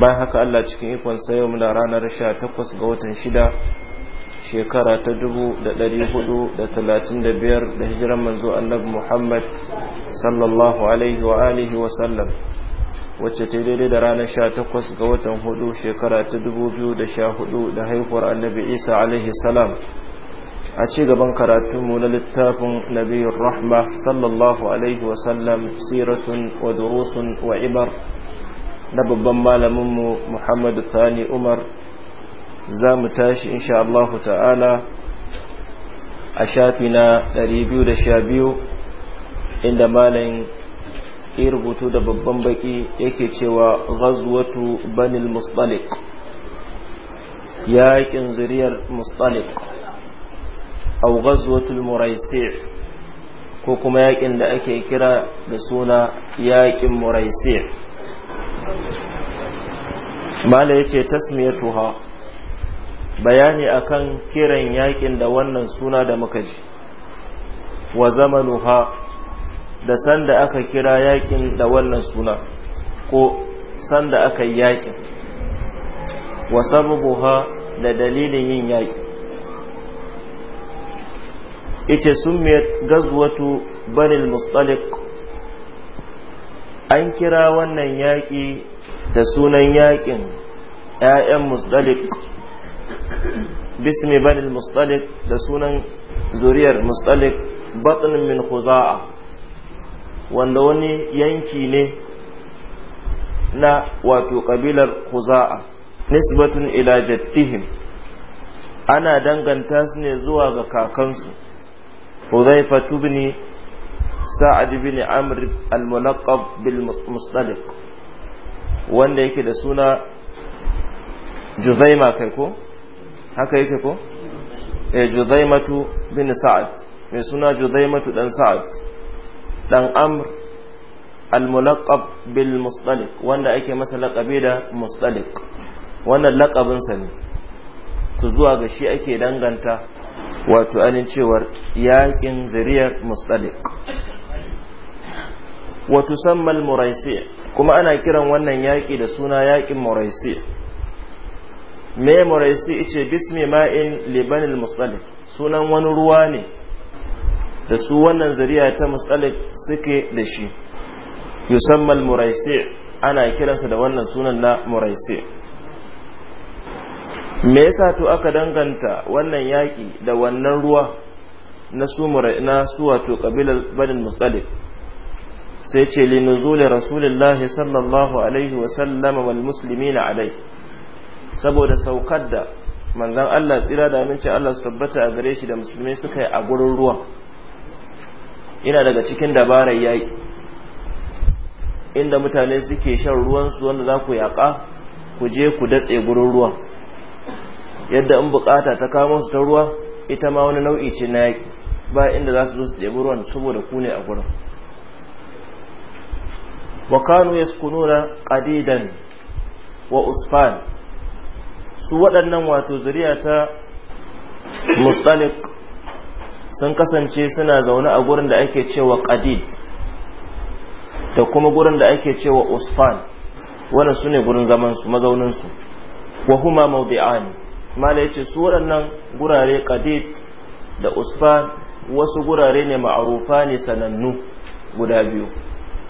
bayan haka Allah cikin ikon sayo muna ranar 18 ga watan shida shekara ta 1435 da hijiran manzo annabi Muhammad sallallahu alaihi wa alihi wa sallam wacce ta daidai da ranar 18 ga watan hudu shekara ta 2014 da haihuwar annabi Isa alaihi salam a ci gaban karatun mu na littafin nabiyar rahma sallallahu alaihi wa sallam siratun wa durusun wa ibar na babban malaminmu muhammadu Sani umar za mu tashi insha Allah ta'ala a shafi na 212 inda malamin ya rubutu da babban baki yake cewa ghazwatu banil mustalik yaƙin zuriyar mustalik au ghazwatul muraisi ko kuma yaƙin da ake kira da suna yaƙin muraise. mala yace tasmiyatuha bayani akan kiran yakin da wannan suna da muka ji wa zamanuha da sanda aka kira yakin da wannan suna ko sanda aka yakin wa sababuha da dalilin yin yaki ice summiyat gazwatu banil mustaliq an kira wannan yaki da sunan yakin ‘ya'yan musdalik bismi banil musdalik da sunan zuriyar musdalik batnin min khuza'a wanda wani yanki ne na wato kabilar huza'a. nisbatun ila jattihim ana danganta su ne zuwa ga kakansu Hudhaifa ibn Sa'ad ibn Amr al-Munaqqab bil musdalik wanda yake da suna juzaima kai ko haka yake ko eh juzaimatu bin sa'ad mai suna juzaimatu dan sa'ad dan amr al-mulaqab bil mustaliq wanda ake masa laqabi da mustaliq wannan laqabin sa ne to zuwa ga shi ake danganta wato anin cewar yakin zuriyar watu wa tusamma al-muraisi' kuma ana kiran wannan yaƙi da suna yaƙin Moraisi me Moraisi ce bismi ma'in libanil mustalif sunan wani ruwa ne da su wannan zariya ta mustalif suke da shi yusammal Moraisi ana kiransa da wannan sunan na Moraisi me yasa to aka danganta wannan yaƙi da wannan ruwa na su wato ƙabilar banin mustalif sai ce li linuzuli rasulillahi sallallahu alaihi wa wasallama wal na alai saboda saukar da manzan Allah tsira da amince Allah su tabbata a gare shi da musulmai suka yi a gurin ruwa ina daga cikin dabarar yaƙi inda mutane suke shan ruwansu wanda za ku yaƙa ku je ku datse gurin ruwan yadda in bukata ta kama su ta ruwa ita ma wani nau'i ce na yaƙi ba inda za su zo su ɗebi ruwan saboda ku ne a gurin wa kanu yaskununa qadidan wa usfan su waɗannan wato zuriya ta mustalik sun kasance suna zaune a gurin da ake cewa qadid da kuma gurin da ake cewa usfan wannan su ne gurin zamansu mazauninsu wa huma mawdi'ani mala yace su waɗannan gurare qadid da usfan wasu gurare ne ma'arufa ne sanannu guda biyu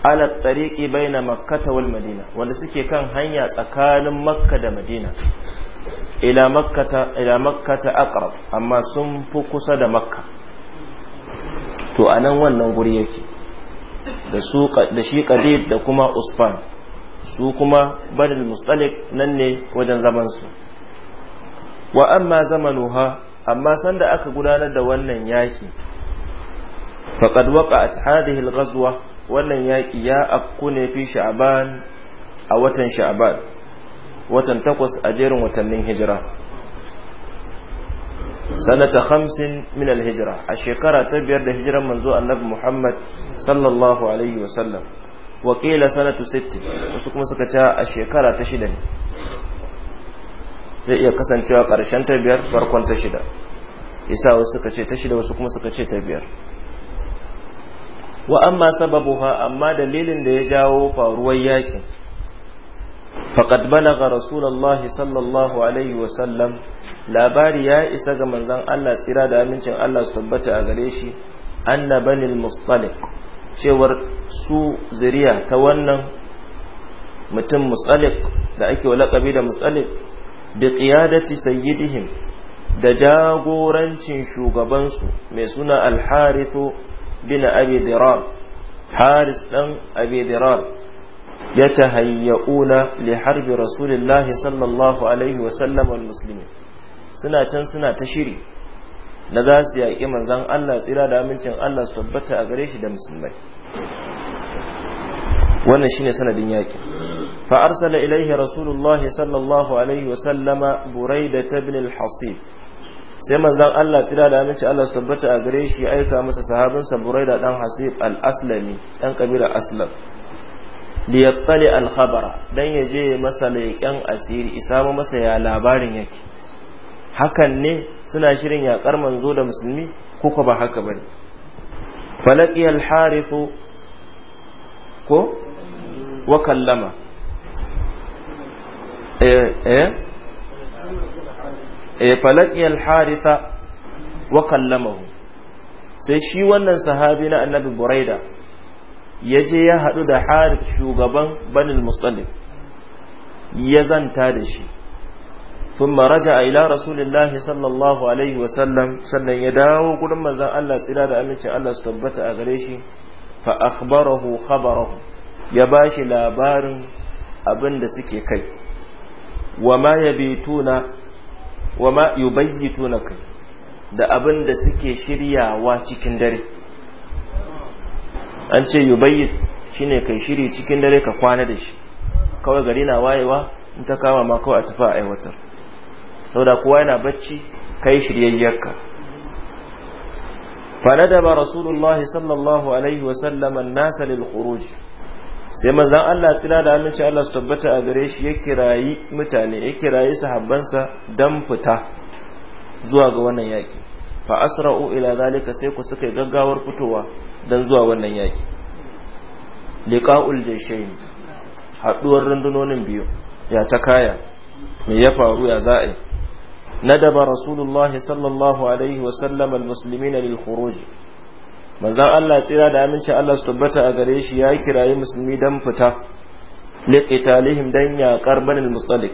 ala tsariƙi bai na wal madina wanda suke kan hanya tsakanin makka da madina ila makkata aqrab amma sun fi kusa da makka to a wannan guri yake da shi ƙadid da kuma usman su kuma badal mustalik nan ne wajen zamansu wa amma zamanuha amma sanda aka gudanar da wannan yaki faqad waqa'at hadhihi al-ghazwa wannan yaƙi ya afku ne fi sha'aban a watan sha'aban watan takwas a jerin watannin hijira sanata hamsin min alhijira a shekara ta biyar da hijiran manzo annabi muhammad sallallahu alaihi wasallam wakila sanatu sitti wasu kuma suka ce a shekara ta shida ne zai iya kasancewa ƙarshen ta biyar farkon ta shida isa wasu suka ce ta shida wasu kuma suka ce ta biyar wa amma sababuha amma dalilin da ya jawo faruwar yakin faqad balagha rasulullah sallallahu alaihi wa sallam labari ya isa ga manzon Allah tsira da amincin Allah su tabbata a gare shi anna bani al mustaliq cewar su zuriya ta wannan mutum mustaliq da ake wa laqabi da mustaliq bi qiyadati sayyidihim da jagorancin shugabansu mai suna al-harithu bin abi haris dan abi ya tahayya'una li harbi rasulillahi sallallahu alaihi wa sallam wal suna can suna ta shiri na za su yaƙi manzon Allah tsira da amincin Allah su tabbata a gare shi da musulmai wannan shine sanadin yaki. fa arsala ilaihi rasulullahi sallallahu alaihi wa sallama buraidata ibn al-hasib sai manzon Allah tsira da aminci Allah su tabbata a gare shi aika masa sahabin Buraida dan Hasib al-Aslami dan kabila Aslam li yattali al-khabara dan yaje masa leƙen asiri ma masa ya labarin yake hakan ne suna shirin yakar manzo da musulmi ko ba haka bane falaqi al-harith ko wa Eh, falaqi al-haritha wa kallamahu sai shi wannan sahabi na annabi buraida ya je ya haɗu da harith shugaban banil musallin ya zanta da shi ثم رجع إلى رسول الله صلى الله عليه وسلم سنة يداو قدم مزان الله سلا دا أمين الله ستبت أغريشي فأخبره خبره يباشي لابار أبن دسكي كي وما يبيتون wa ma yubayyituna kai da abin da suke shiryawa cikin dare an ce shi shine kai shiri cikin dare ka kwana da shi kawai gari na wayewa in ta kama ma kawai a tafi a aiwatar saboda kowa yana bacci kai shiryayyarka daba رسول sallallahu alaihi الله an nasa lil للخروج sai manzan Allah tsira da aminci Allah su tabbata a gare shi ya kirayi mutane ya kirayi sahabbansa don fita zuwa ga wannan yaki fa asra'u ila zalika sai ku suka gaggawar fitowa don zuwa wannan yaki liqa'ul jayshayn haduwar rundunonin biyu ya ta kaya me ya faru ya za'i ندب sallallahu alaihi wa sallam al وسلم na للخروج manzon Allah tsira da amince Allah su tabbata a gare shi ya kirayi musulmi dan fita liqitalihim dan yaqar banil mustalik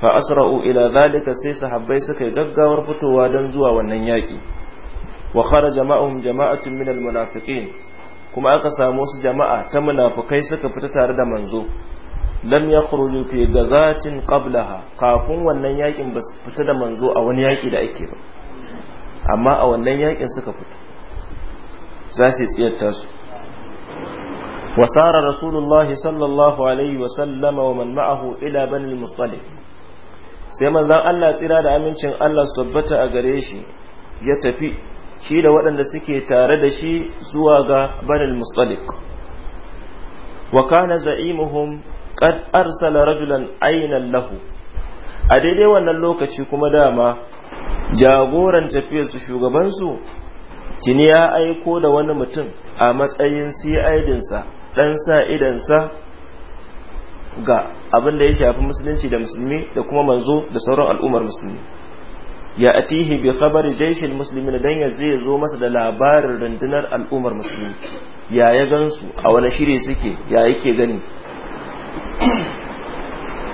fa asra'u ila zalika sai sahabbai suka yi gaggawar fitowa dan zuwa wannan yaki wa kharaja ma'ahum jama'atun minal munafiqin kuma aka samu su jama'a ta munafukai suka fita tare da manzo lam yakhruju fi gazatin qablaha kafin wannan yakin ba su fita da manzo a wani yaki da ake ba amma a wannan yakin suka fita za su tsiyarta su وسار rasulullahi الله صلى الله wa وسلم ومن معه إلى بني sai mazan Allah tsira da amincin Allah su tabbata a gare shi ya tafi shi da waɗanda suke tare da shi zuwa ga banil mustalik wa kana za'imuhum qad arsala rajulan aynan lahu a daidai wannan lokaci kuma dama jagoran tafiyar su shugaban su tuni ya aiko da wani mutum a matsayin sa dan sa idansa ga abin da ya shafi musulunci da musulmi da kuma manzo da sauran al'ummar musulmi ya atihi bi khabari jaishil musulmi na dan ya zo masa da labarin rundunar al'ummar musulmi ya ya gansu a wani shiri suke ya yake gani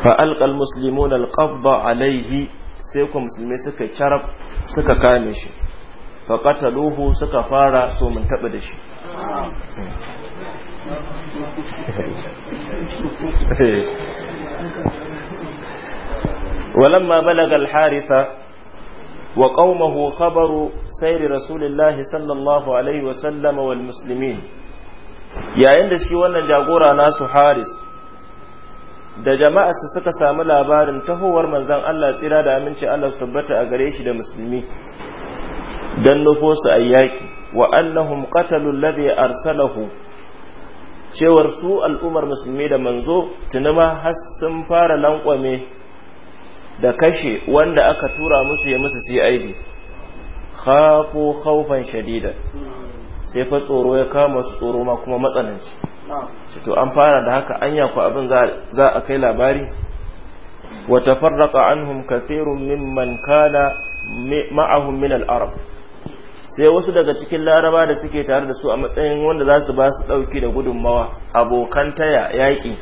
fa alqal muslimuna alqabba alaihi sai ku musulmi suka carab suka kame shi faƙataluhu suka fara so mun taɓa da shi ولما بلغ الحارثة وقومه خبر سير رسول الله صلى الله عليه وسلم والمسلمين yayin da shi wannan jagora nasu haris da su suka samu labarin tahowar manzon Allah tsira da aminci Allah su tabbata a gare shi da musulmi dan nufo su ayyaki wa annahum qatalu alladhi arsalahu cewar su al'ummar musulmi da manzo tunama har sun fara lankwame da kashe wanda aka tura musu ya musu CID khafu khawfan shadida sai fa tsoro ya kama su tsoro ma kuma matsananci to an fara da haka anya ku abin za a kai labari wa tafarraqa anhum kathirun mimman kana ma'ahum min arab sai wasu daga cikin laraba da suke tare da su a matsayin wanda za su ba su ɗauki da gudunmawa abokan taya yaƙi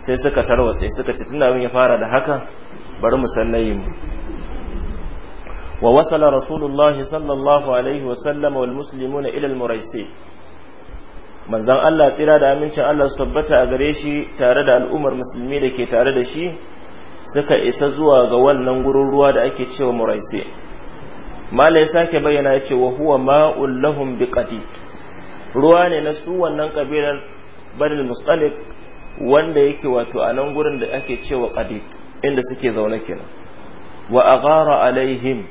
sai suka tarwatse suka ci tun ya fara da haka bari mu sannayi mu wa wasala rasulullahi sallallahu alaihi wa sallam wal muslimuna ila al muraisi manzon Allah tsira da amincin Allah su tabbata a gare shi tare da al'ummar musulmi da ke tare da shi suka isa zuwa ga wannan gurin ruwa da ake cewa muraisi mala ya sake bayyana ya ce wa huwa ma'ul lahum biqadid ruwa ne na su wannan kabilar banil mustalif wanda yake wato a nan gurin da ake cewa qadid inda suke zaune kenan wa aghara alaihim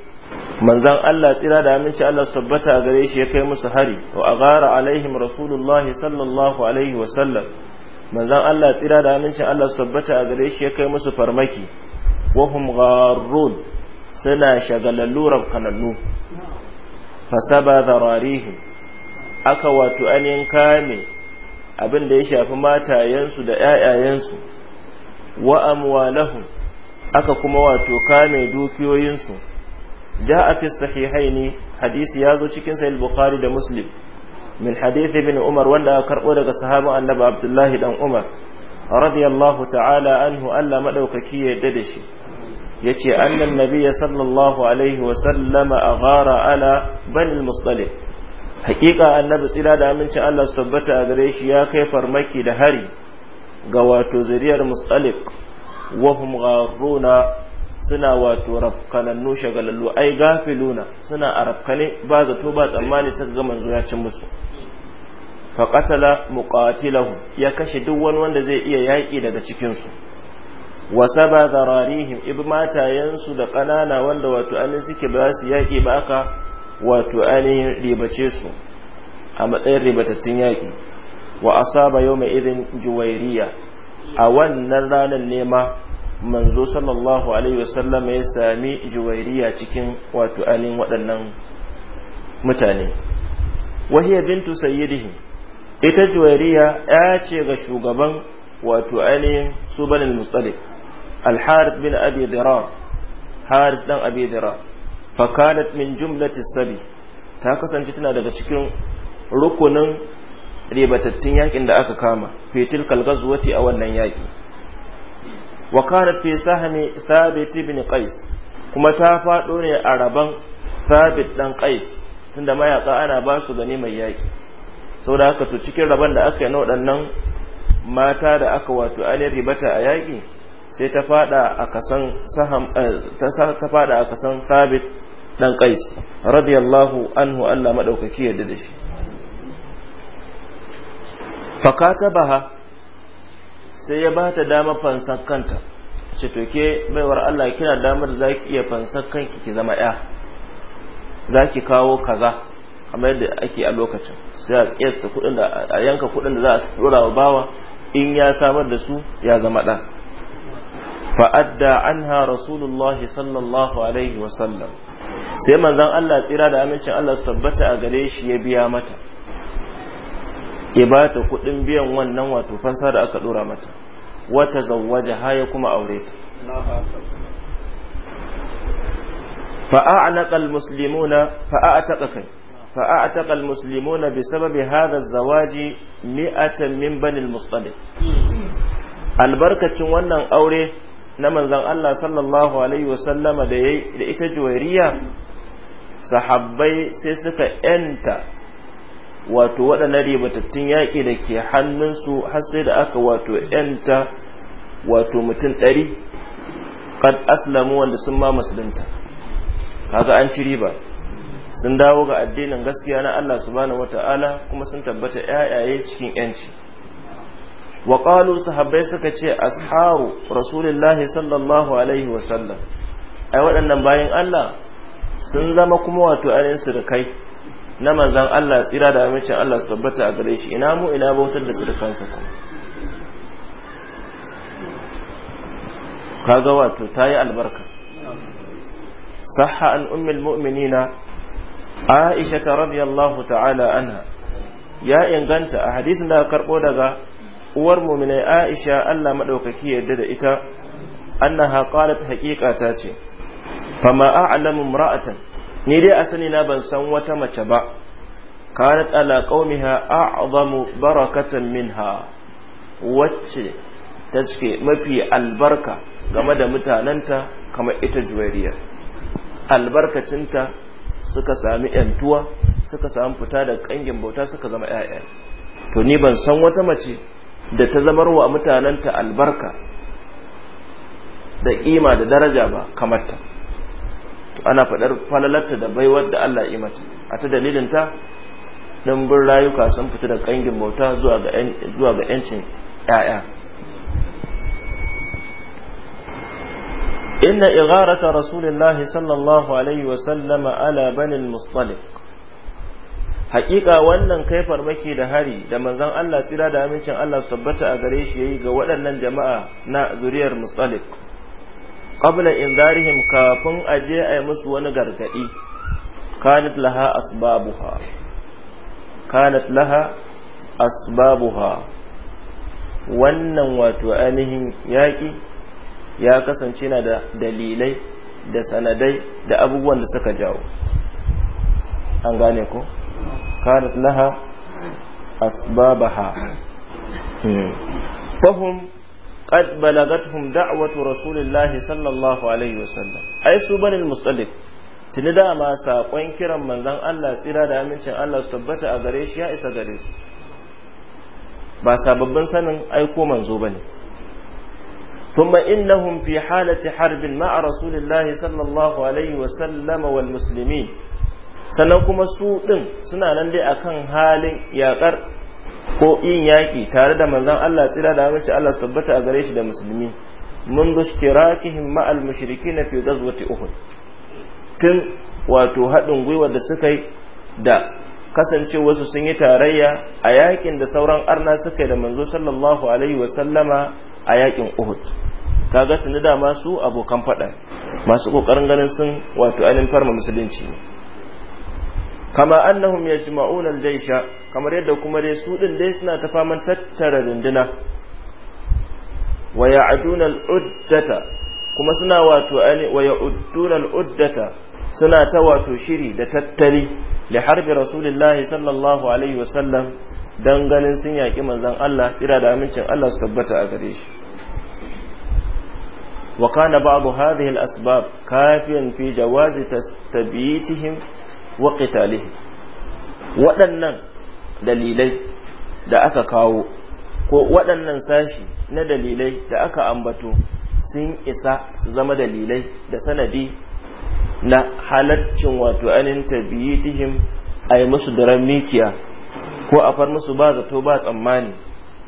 manzan Allah tsira da aminci Allah su tabbata gare shi ya kai musu hari wa aghara alaihim rasulullahi sallallahu alaihi wa sallam manzan Allah tsira da amincin Allah su tabbata a gare shi ya kai musu farmaki wahum gharrun suna shagalallu rabkanallu fasaba zararihi aka wato yanka ne, abin da ya shafi matayensu da ƴaƴayensu wa amwalahum aka kuma wato kame dukiyoyinsu ja afis fi sahihaini hadisi ya zo cikin sahih bukhari da muslim min hadith bin umar wanda aka karbo daga sahabin annabi abdullahi dan umar radiyallahu ta'ala anhu Allah madaukaki ya yarda da shi yace annan nabiyya sallallahu alaihi wa sallama aghara ala bani al-mustalif hakika annabi tsira da aminci Allah su tabbata a gare shi ya kai farmaki da hari ga wato zuriyar mustalik wahum gharuna suna wato rafkanannu shagalallu ai gafiluna suna a rafkane ba zato ba tsammani suka ga manzo ya cin musu faƙatala muƙatilahu ya kashe duk wani wanda zai iya yaƙi daga cikinsu wasa ba zararihim ibi matayensu da ƙanana wanda wato anin suke ba su yaƙi ba aka wato anin ribace su a matsayin ribatattun yaƙi wa asaba yau mai irin juwairiya a wannan ranar nema manzo sallallahu alaihi wasallam ya sami juwairiya cikin wato anin waɗannan mutane wahiyar bintu sayyidihim ita juwariya ya ce ga shugaban wato ainihin su banin mustalif alharis bin abi dira haris dan abi dirar fakanat min jumlati sabi ta kasance tana daga cikin rukunin ribatattun yakin da aka kama fitil kalgazuwati a wannan yaki wa kanat fi sahmi thabit ibn qais kuma ta fado ne a raban thabit dan qais tunda mayaka ana ba su gani mai yaki sau da haka to cikin rabon da aka yi na waɗannan mata da aka wato ainihin ribata a yaƙi sai ta fada a kasan sabit eh, ɗan ƙais radiyallahu anhu Allah maɗaukaki yadda da shi baha sai ya ba ta dama fansan kanta ce toke ke baiwar Allah kina damar zaki iya fansan kanki ki zama ya zaki kawo kaza kamar yadda ake a lokacin sai a kiyasta kudin da a yanka kudin da za a tsora wa bawa in ya samar da su ya zama ɗan. fa adda anha rasulullahi sallallahu alaihi wa sallam sai manzon Allah tsira da amincin Allah su tabbata a gare shi ya biya mata ya ba ta kudin biyan wannan wato fansa da aka ɗora mata wata ha ya kuma aure ta fa'a'anaka almuslimuna fa'a'ataka kai فأعتق المسلمون بسبب هذا الزواج مئة من بني المصطلق albarkacin wannan aure na manzon Allah sallallahu alaihi wasallama da yayi da ita juwairiya sahabbai sai suka yanta wato waɗannan ribatattun yaƙi da ke hannunsu har sai da aka wato yanta wato mutum ɗari kad aslamu wanda sun ma musulunta kaga an ci riba sun dawo ga addinin gaskiya na Allah subhanahu wata'ala kuma sun tabbata yayaye cikin yanci wa qalu sahabbai suka ce ashabu rasulullahi sallallahu alaihi wa sallam ai waɗannan bayin Allah sun zama kuma wato da kai na manzan Allah tsira da amince Allah su tabbata a gare shi ina mu ina bautar da sirkansa kuma kaga wato ta yi albarka sahha an ummul mu'minina Aisha ta radiyallahu ta'ala anha ya inganta a hadisin da karɓo daga uwar muminai Aisha Allah maɗaukaki yadda da ita annaha qalat haƙiƙa ta ce fama a'lamu imra'atan ni dai a sani na ban san wata mace ba kanat ala qaumiha a'zamu barakatan minha wacce ta ce mafi albarka game da mutanenta kamar ita juwariya albarkacinta suka sami yantuwa suka sami fita da kangin bauta suka zama ƴaƴa to ni ban san wata mace da ta zamar wa mutanenta albarka da kima da daraja ba kamar ta ana faɗar falalarta da baiwar da Allah ya mata a ta dalilin ta bin rayuka sun fita da kangin bauta zuwa ga zuwa ga yancin ƴaƴa inna إغارة رسول الله صلى الله عليه وسلم على بني المصطلق haƙiƙa wannan kai farmaki da hari da manzon Allah tsira da amincin Allah su tabbata a gare shi yi ga waɗannan jama'a na zuriyar Mustalik qabla inzarihim kafin aje a yi musu wani gargadi kanat laha asbabuha wannan wato ainihin yaƙi ya kasance na da dalilai da sanadai da abubuwan da suka jawo an gane ko karat laha asbabaha fahum qad balagathum da'watu rasulillahi sallallahu alaihi wasallam ai su banil mustalik tuni dama sakon kiran manzan Allah tsira da amincin Allah su tabbata a gare shi ya isa gare su ba sababbin sanin aiko manzo bane ثم إنهم في حالة حرب مع رسول الله صلى الله عليه وسلم والمسلمين sannan kuma su ɗin suna nan dai akan halin yaƙar ko yin yaƙi tare da manzon Allah tsira da mace Allah su tabbata a gare shi da musulmi mun zo shirakihim ma'al mushriki na fi gazwati uhud tun wato haɗin gwiwar da suka yi da kasancewasu sun yi tarayya a yaƙin da sauran arna suka yi da manzo sallallahu alaihi wa sallama a yakin Uhud kaga tuni da masu abokan fada masu kokarin ganin sun wato ainihin farma musulunci ne kama annahum yajma'un al-jaysha kamar yadda kuma dai su din dai suna ta faman tattara runduna wa ya'duna al-uddata kuma suna wato ainihin wa ya'duna al-uddata suna ta wato shiri da tattali da harbi rasulullahi sallallahu alaihi wasallam don ganin sun yaƙi manzan Allah tsira da amincin Allah su tabbata a gare shi wa kana ba'du hadhihi al-asbab kafiyan fi jawazi tastabitihim wa qitalihim waɗannan dalilai da aka kawo ko waɗannan sashi na dalilai da aka ambato sun isa su zama dalilai da sanadi na halaccin wato anin tabiyitihim a yi musu daren mikiya ko a far musu ba zato ba tsammani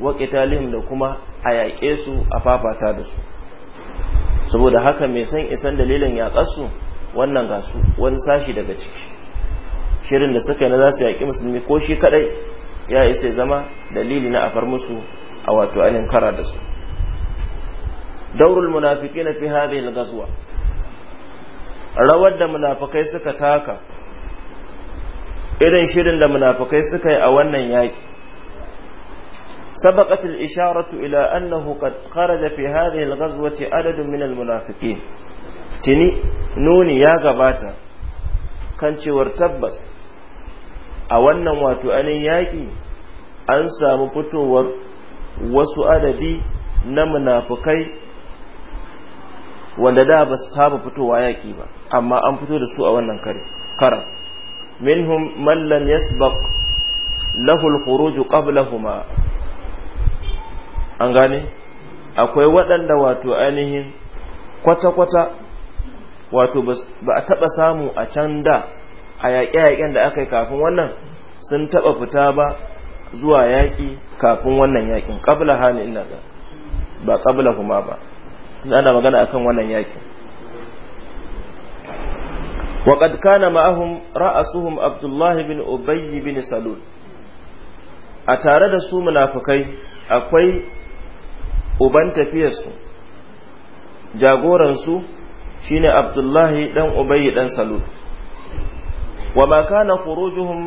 wa qitalihim da kuma a yaƙe su a fafata da su saboda haka mai san isan dalilin su wannan su wani sashi daga ciki shirin da suka yi na za su yaƙi musulmi ko shi kaɗai ya isa zama dalili na afar musu a wato anin kara da su daurul munafiqina na fi hadhihi al-ghazwa rawar da munafakai suka taka irin shirin da munafakai suka yi a wannan yaki سبقت isharatu ila أنه قد خرج في هذه الغزوة عدد من المنافقين تني نوني يا غباتا cewar tabbas a wannan wato anin yaƙi an samu fitowar wasu adadi na munafukai wanda da ba su saba fitowa yaƙi ba amma an fito da su a wannan kare karan minhum man lam yasbaq lahu al-khuruj qablahuma an gane akwai waɗanda wato ainihin kwata-kwata wato ba a taɓa samu a can da a yaƙe-yaƙen da aka yi kafin wannan sun taɓa fita ba zuwa yaƙi kafin wannan yaƙin ƙabla hannun ina ba ƙabla kuma ba ana magana akan wannan yaki wa qad kana ma'ahum ra'asuhum Abdullah bin ubayyi bin Salul a tare da su munafukai akwai uban tafiyarsu jagoransu shine Abdullahi dan Ubay dan Salul wa ma kana khurujuhum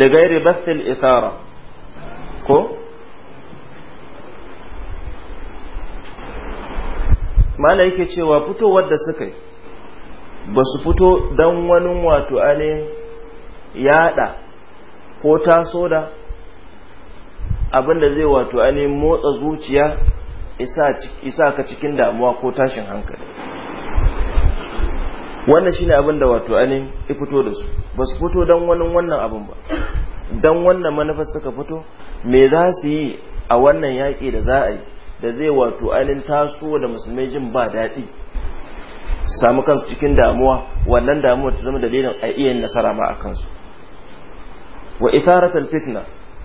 li ghairi bath ko mala yake cewa fitowar da suka yi ba su fito don wani wato ainihin yada ko taso da abinda zai wato ainihin motsa zuciya isa ka cikin damuwa ko tashin hankali wannan shine abin da wato ainihin ya fito da su ba su fito don wani wannan abin ba don wannan manufar suka fito me za su yi a wannan yaƙi da za a yi da zai wato ainihin taso da musulmai jin ba daɗi samu kansu cikin damuwa wannan damuwa ta zama dalilin a iya yin nasara ma a kansu wa itharatul fitna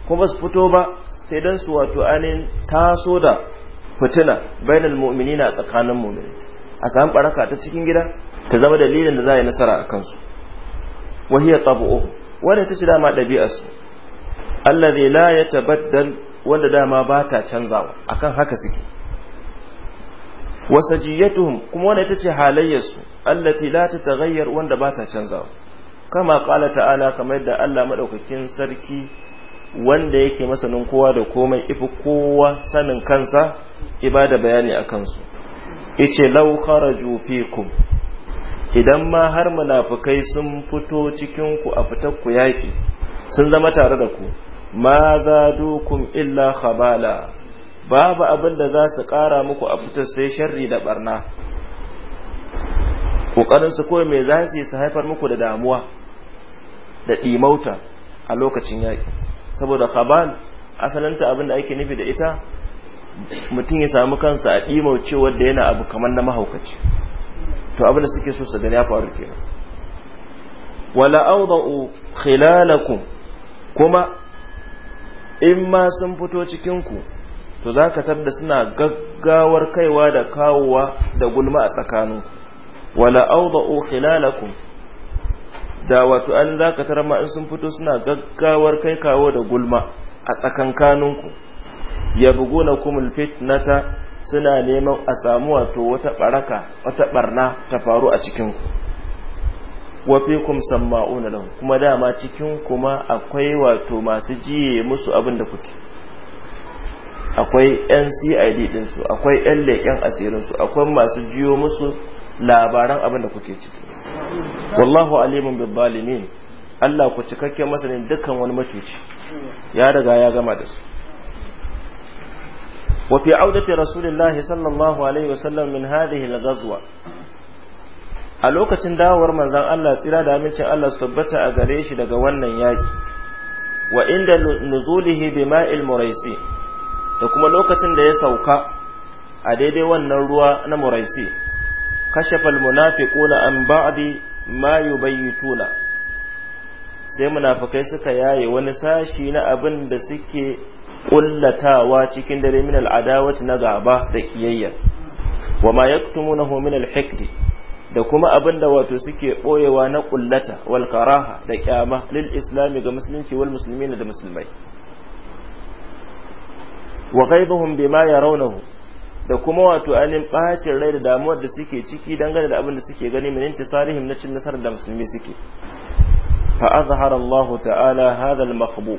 kuma su fito ba sai dan su wato ainihin taso da fitina bainal na tsakanin mu'mini a samu baraka ta cikin gida ta zama dalilin da za a yi nasara a kansu wa hiya tabu'u wanda ta shi dama ɗabi'arsu allazi la yatabaddal wanda dama ba ta canzawa akan haka suke wasajiyatuhum kuma wanda ita ce halayyarsu allati la tataghayyar wanda ba ta canzawa kama qala ta'ala kamar da Allah madaukakin sarki wanda yake masanin kowa da komai ifi kowa sanin kansa ibada bayani a kansu ice law kharaju fikum idan ma har munafukai sun fito cikin ku a fitar ku yaki sun zama tare da ku ma dukun illa khabala babu abin da za su ƙara muku a fitar sai sharri da barna ƙoƙarinsu kawai mai za su yi su haifar muku da damuwa da ɗimauta a lokacin yaƙi saboda khabal asalinta abin da ake nufi da ita mutum ya samu kansa a ɗimauce wadda yana abu kamar na mahaukaci to abin da suke so su gani ya faru kenan wala auda'u khilalakum kuma in ma sun fito cikinku to za ka tarda suna gaggawar kaiwa da kawowa da gulma a tsakaninku wala auda'u khilalakum da wato an za ka ma in sun fito suna gaggawar kai kawo da gulma a tsakankaninku ya bugu na kumul fitnata suna neman a samu wato wata baraka wata barna ta faru a cikinku wa fikum samma'una lahum kuma dama cikin kuma akwai wato masu jiye musu abin da kuke akwai yan CID din su akwai yan leken asirin su akwai masu jiyo musu labaran abin da kuke ciki wallahu alimun bil zalimin Allah ku cikakken masanin dukkan wani matuci ya riga ya gama da su wa fi audati rasulillahi sallallahu alaihi wasallam min hadhihi al-ghazwa a lokacin dawowar manzon Allah tsira da amincin Allah su tabbata a gare shi daga wannan yaki wa inda nuzulihi bi ma'il muraisi da kuma lokacin da ya sauka a daidai wannan ruwa na muraisi kashafa almunafiquna an ba'di ma yubayituna sai munafikai suka yaye wani sashi na abin da suke kullatawa cikin dare min al'adawati na gaba da kiyayya wa ma yaktumunahu min al-hikdi da kuma abin da wato suke ɓoyewa na ƙullata wal karaha da ƙyama lil islami ga musulunci wal musulmi da musulmai wa ghaibuhum bima yarawnahu da kuma wato anin bacin rai da damuwar da suke ciki dangane da abin da suke gani min intisarihim na cin nasarar da musulmi suke fa azhara Allah ta'ala hadha al-makhbu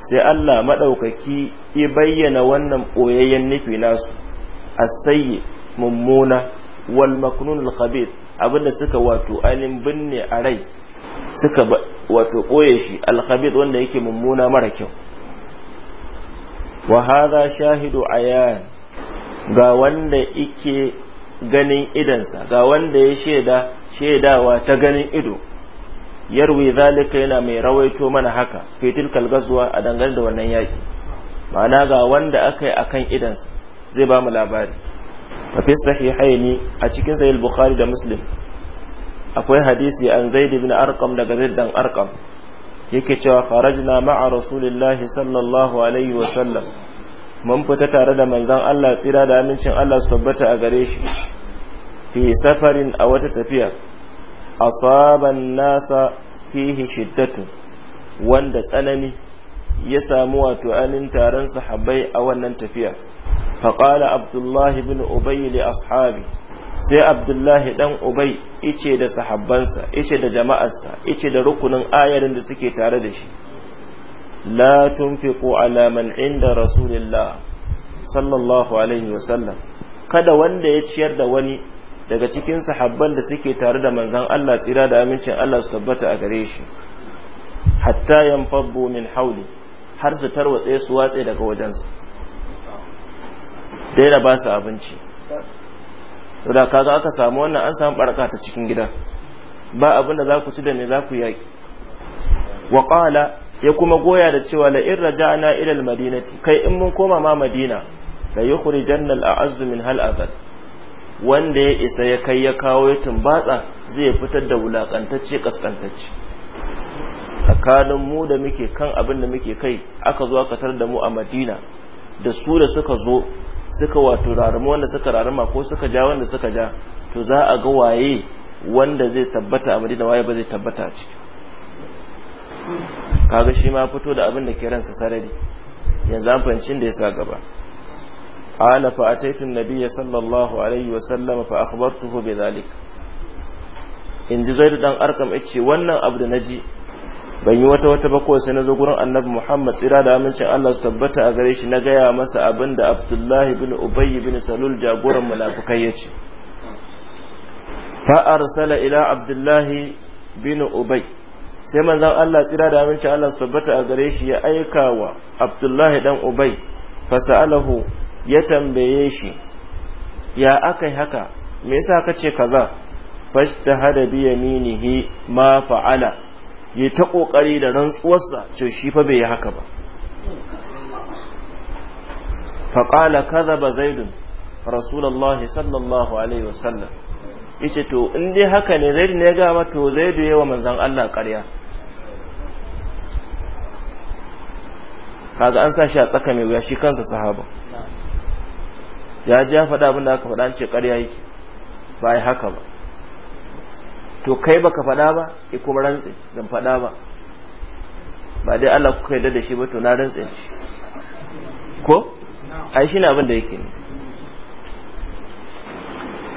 sai Allah madaukaki ya bayyana wannan boyayyen nufi nasu as-sayyi mummuna wal maknun al khabith abinda suka wato ainin binne a rai suka wato koye shi al khabith wanda yake mummuna mara kyau wa hadha shahidu ayan ga wanda yake ganin idansa ga wanda ya sheda shedawa ta ganin ido yarwi zalika yana mai rawaito mana haka tilkal gazwa a dangane da wannan yaki ma'ana ga wanda aka yi akan idansa zai ba mu labari fa fi sahihaini a cikin sahih bukhari da muslim akwai hadisi an zaid ibn arqam daga zaid dan arqam yake cewa kharajna ma'a rasulillahi sallallahu alaihi wa sallam mun fita tare da manzon Allah tsira da amincin Allah su tabbata a gare shi fi safarin a wata tafiya asaban nasa fihi shiddatu wanda tsanani ya samu wato anin taron sahabbai a wannan tafiya فقال عبد الله بن أبي لأصحابه sai abdullahi dan ubai ice da sahabbansa ice da jama'arsa ice da rukunin ayarin da suke tare da shi la tunfiqu ala man inda rasulillah sallallahu alaihi wasallam kada wanda ya ciyar da wani daga cikin sahabban da suke tare da manzon Allah tsira da amincin Allah su tabbata a gare shi hatta yanfabbu min hauli har su tarwatse su watse daga wajensa daina ba su abinci to da kaga aka samu wannan an samu barka ta cikin gida ba abin da za ku ci da ne za ku yaki wa qala ya kuma goya da cewa la in raja'na ila madinati kai in mun koma ma madina la yukhrijanna al a'azzu min hal azal wanda ya isa ya kai ya kawo ya tumbatsa zai fitar da wulakantacce kaskantacce tsakanin mu da muke kan abin da muke kai aka zo aka tar da mu a madina da su da suka zo suka wato rarama wanda suka rarama ko suka ja wanda suka ja to za a ga waye wanda zai tabbata a madina waye ba zai tabbata a ciki kaga shi ma fito da abin da ke ransa sarari yanzu an fahimcin da ya sa gaba nabiyya sallallahu alaihi wa sallam fa akhbartuhu bi zalik in ji zai dan arkam ya wannan abu da na ban yi wata wata ba kawai sai na zo gurin annabi muhammad tsira da amincin allah su tabbata a gare shi na gaya masa abin da abdullahi bin ubayy bin salul jagoran munafukai ya ce fa'arsala ila abdullahi bin ubayy sai manzon allah tsira da amincin allah su tabbata a gare shi ya aika wa abdullahi dan fa sa'alahu ya tambaye shi ya akai haka me yasa ka ce kaza fashtahada bi yaminihi ma fa'ala ya ta ƙoƙari da rantsuwarsa ce shi fa bai yi haka ba faƙala kaza ba zaidun rasulallah sallallahu alaihi wasallam yace to in dai haka ne zaidu ne ga to zaidu yawa manzan Allah ƙarya kaga an sa shi a tsaka mai wuya shi kansa sahaba ya ji ya faɗa abin da aka faɗa an ce ƙarya yake ba haka ba to kai baka faɗa ba ya kuma rantsi ban faɗa ba ba dai Allah kuka yarda da shi ba to na rantsi. ko ai shi ne abin da yake ne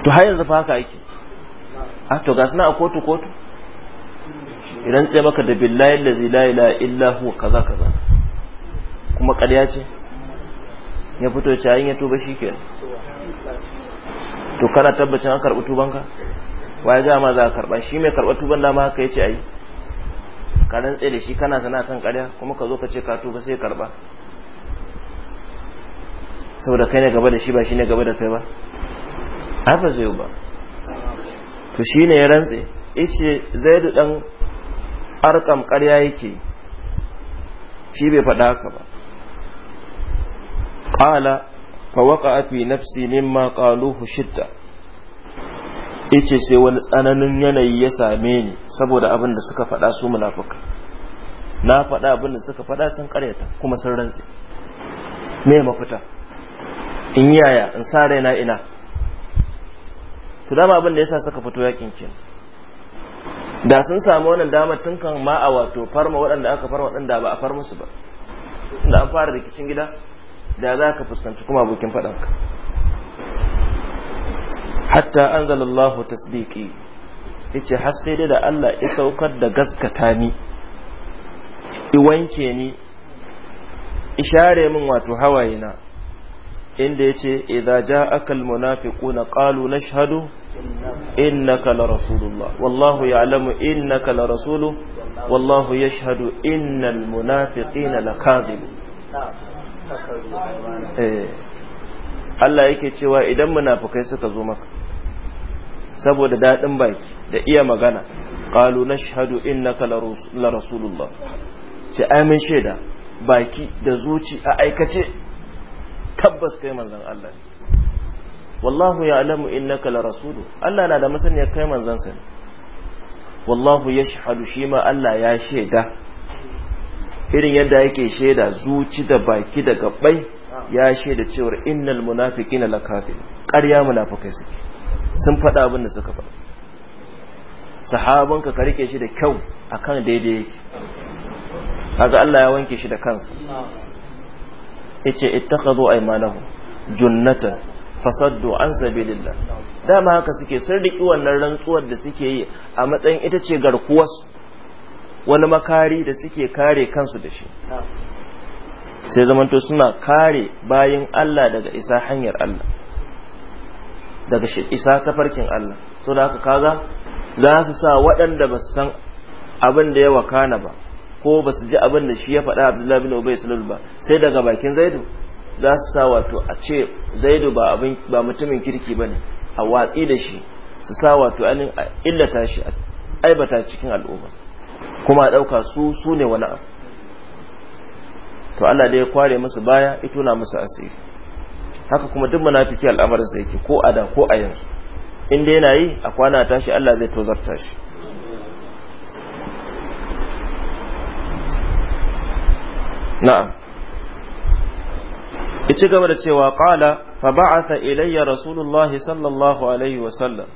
to har yanzu fa haka yake a ah, to ga suna a kotu kotu idan tsaye maka da billahi allazi la ilaha illa wa kaza kaza kuma ƙarya ce ya fito cayin ya tuba ke to kana tabbacin an karɓi tubanka wa ya ma za ka karba shi mai karba tuban dama haka yace ai ka rantse da shi kana sana kan karya kuma ka zo ka ce ka tuba sai karba saboda kai ne gaba da shi ba shi ne gaba da kai ba ai ba zai ba to shi ne ya rantse ishe zaidu dan arkam ƙarya yake shi bai faɗa haka ba ƙala fa waqa'a fi nafsi mimma qaluhu shidda yace sai wani tsananin yanayi ya same ni saboda abin da suka faɗa su munafuka na faɗa abin da suka faɗa sun karyata kuma sun rantse me mafita in yaya in sa raina ina to dama abin da yasa suka fito yakin kin da sun samu wannan dama tun kan ma a wato farma waɗanda aka farma waɗanda ba a far musu ba da an fara rikicin gida da za ka fuskanci kuma abokin faɗanka hatta anzalallahu tasdiqi yace har sai dai da Allah ya saukar da gaskata ni i wanke ni ishare min wato hawaye na inda yace idza ja'aka almunafiquna qalu nashhadu innaka la rasulullah wallahu ya'lamu innaka la rasulu wallahu yashhadu innal munafiqina lakadhibun eh Allah yake cewa idan munafukai suka zo maka saboda daɗin baki da iya magana qalu nashhadu innaka la rasulullah ce ai mun shaida baki da zuci a aikace tabbas kai manzan Allah wallahu ya'lamu innaka la rasulu Allah na da masaniyar kai manzan sa wallahu yashhadu shi ma Allah ya shaida irin yadda yake shaida zuci da baki da gabbai ya shaida cewa innal munafiqina lakafir ƙarya munafikai suke sun faɗa abin da suka faɗa sahabanka ka rike shi da kyau akan daidai yake kaga Allah ya wanke shi da kansa yace ittakhadhu aymanahum junnatan fasaddu an sabilillah dama haka suke sun riki wannan rantsuwar da suke yi a matsayin ita ce garkuwar wani makari da suke kare kansu da shi sai zamanto suna kare bayin Allah daga isa hanyar Allah daga shi isa ta farkin Allah so da haka kaga za su sa waɗanda ba su san abin da ya wakana ba ko ba su ji abin da shi ya faɗa Abdullahi bin Ubay sulul ba sai daga bakin Zaidu za su sa wato a ce Zaidu ba abin mutumin kirki bane a watsi da shi su sa wato anin illata shi aibata cikin al'umma kuma a ɗauka su su ne wani abu to Allah da ya kware musu baya ito na musu asiri haka kuma duk munafiki al'amarin sa yake ko a da ko a yanzu in dai yana yi a kwana tashi Allah zai tozarta shi na'am ci gaba da cewa qala fa ba'atha ilayya rasulullahi sallallahu alaihi wa sallam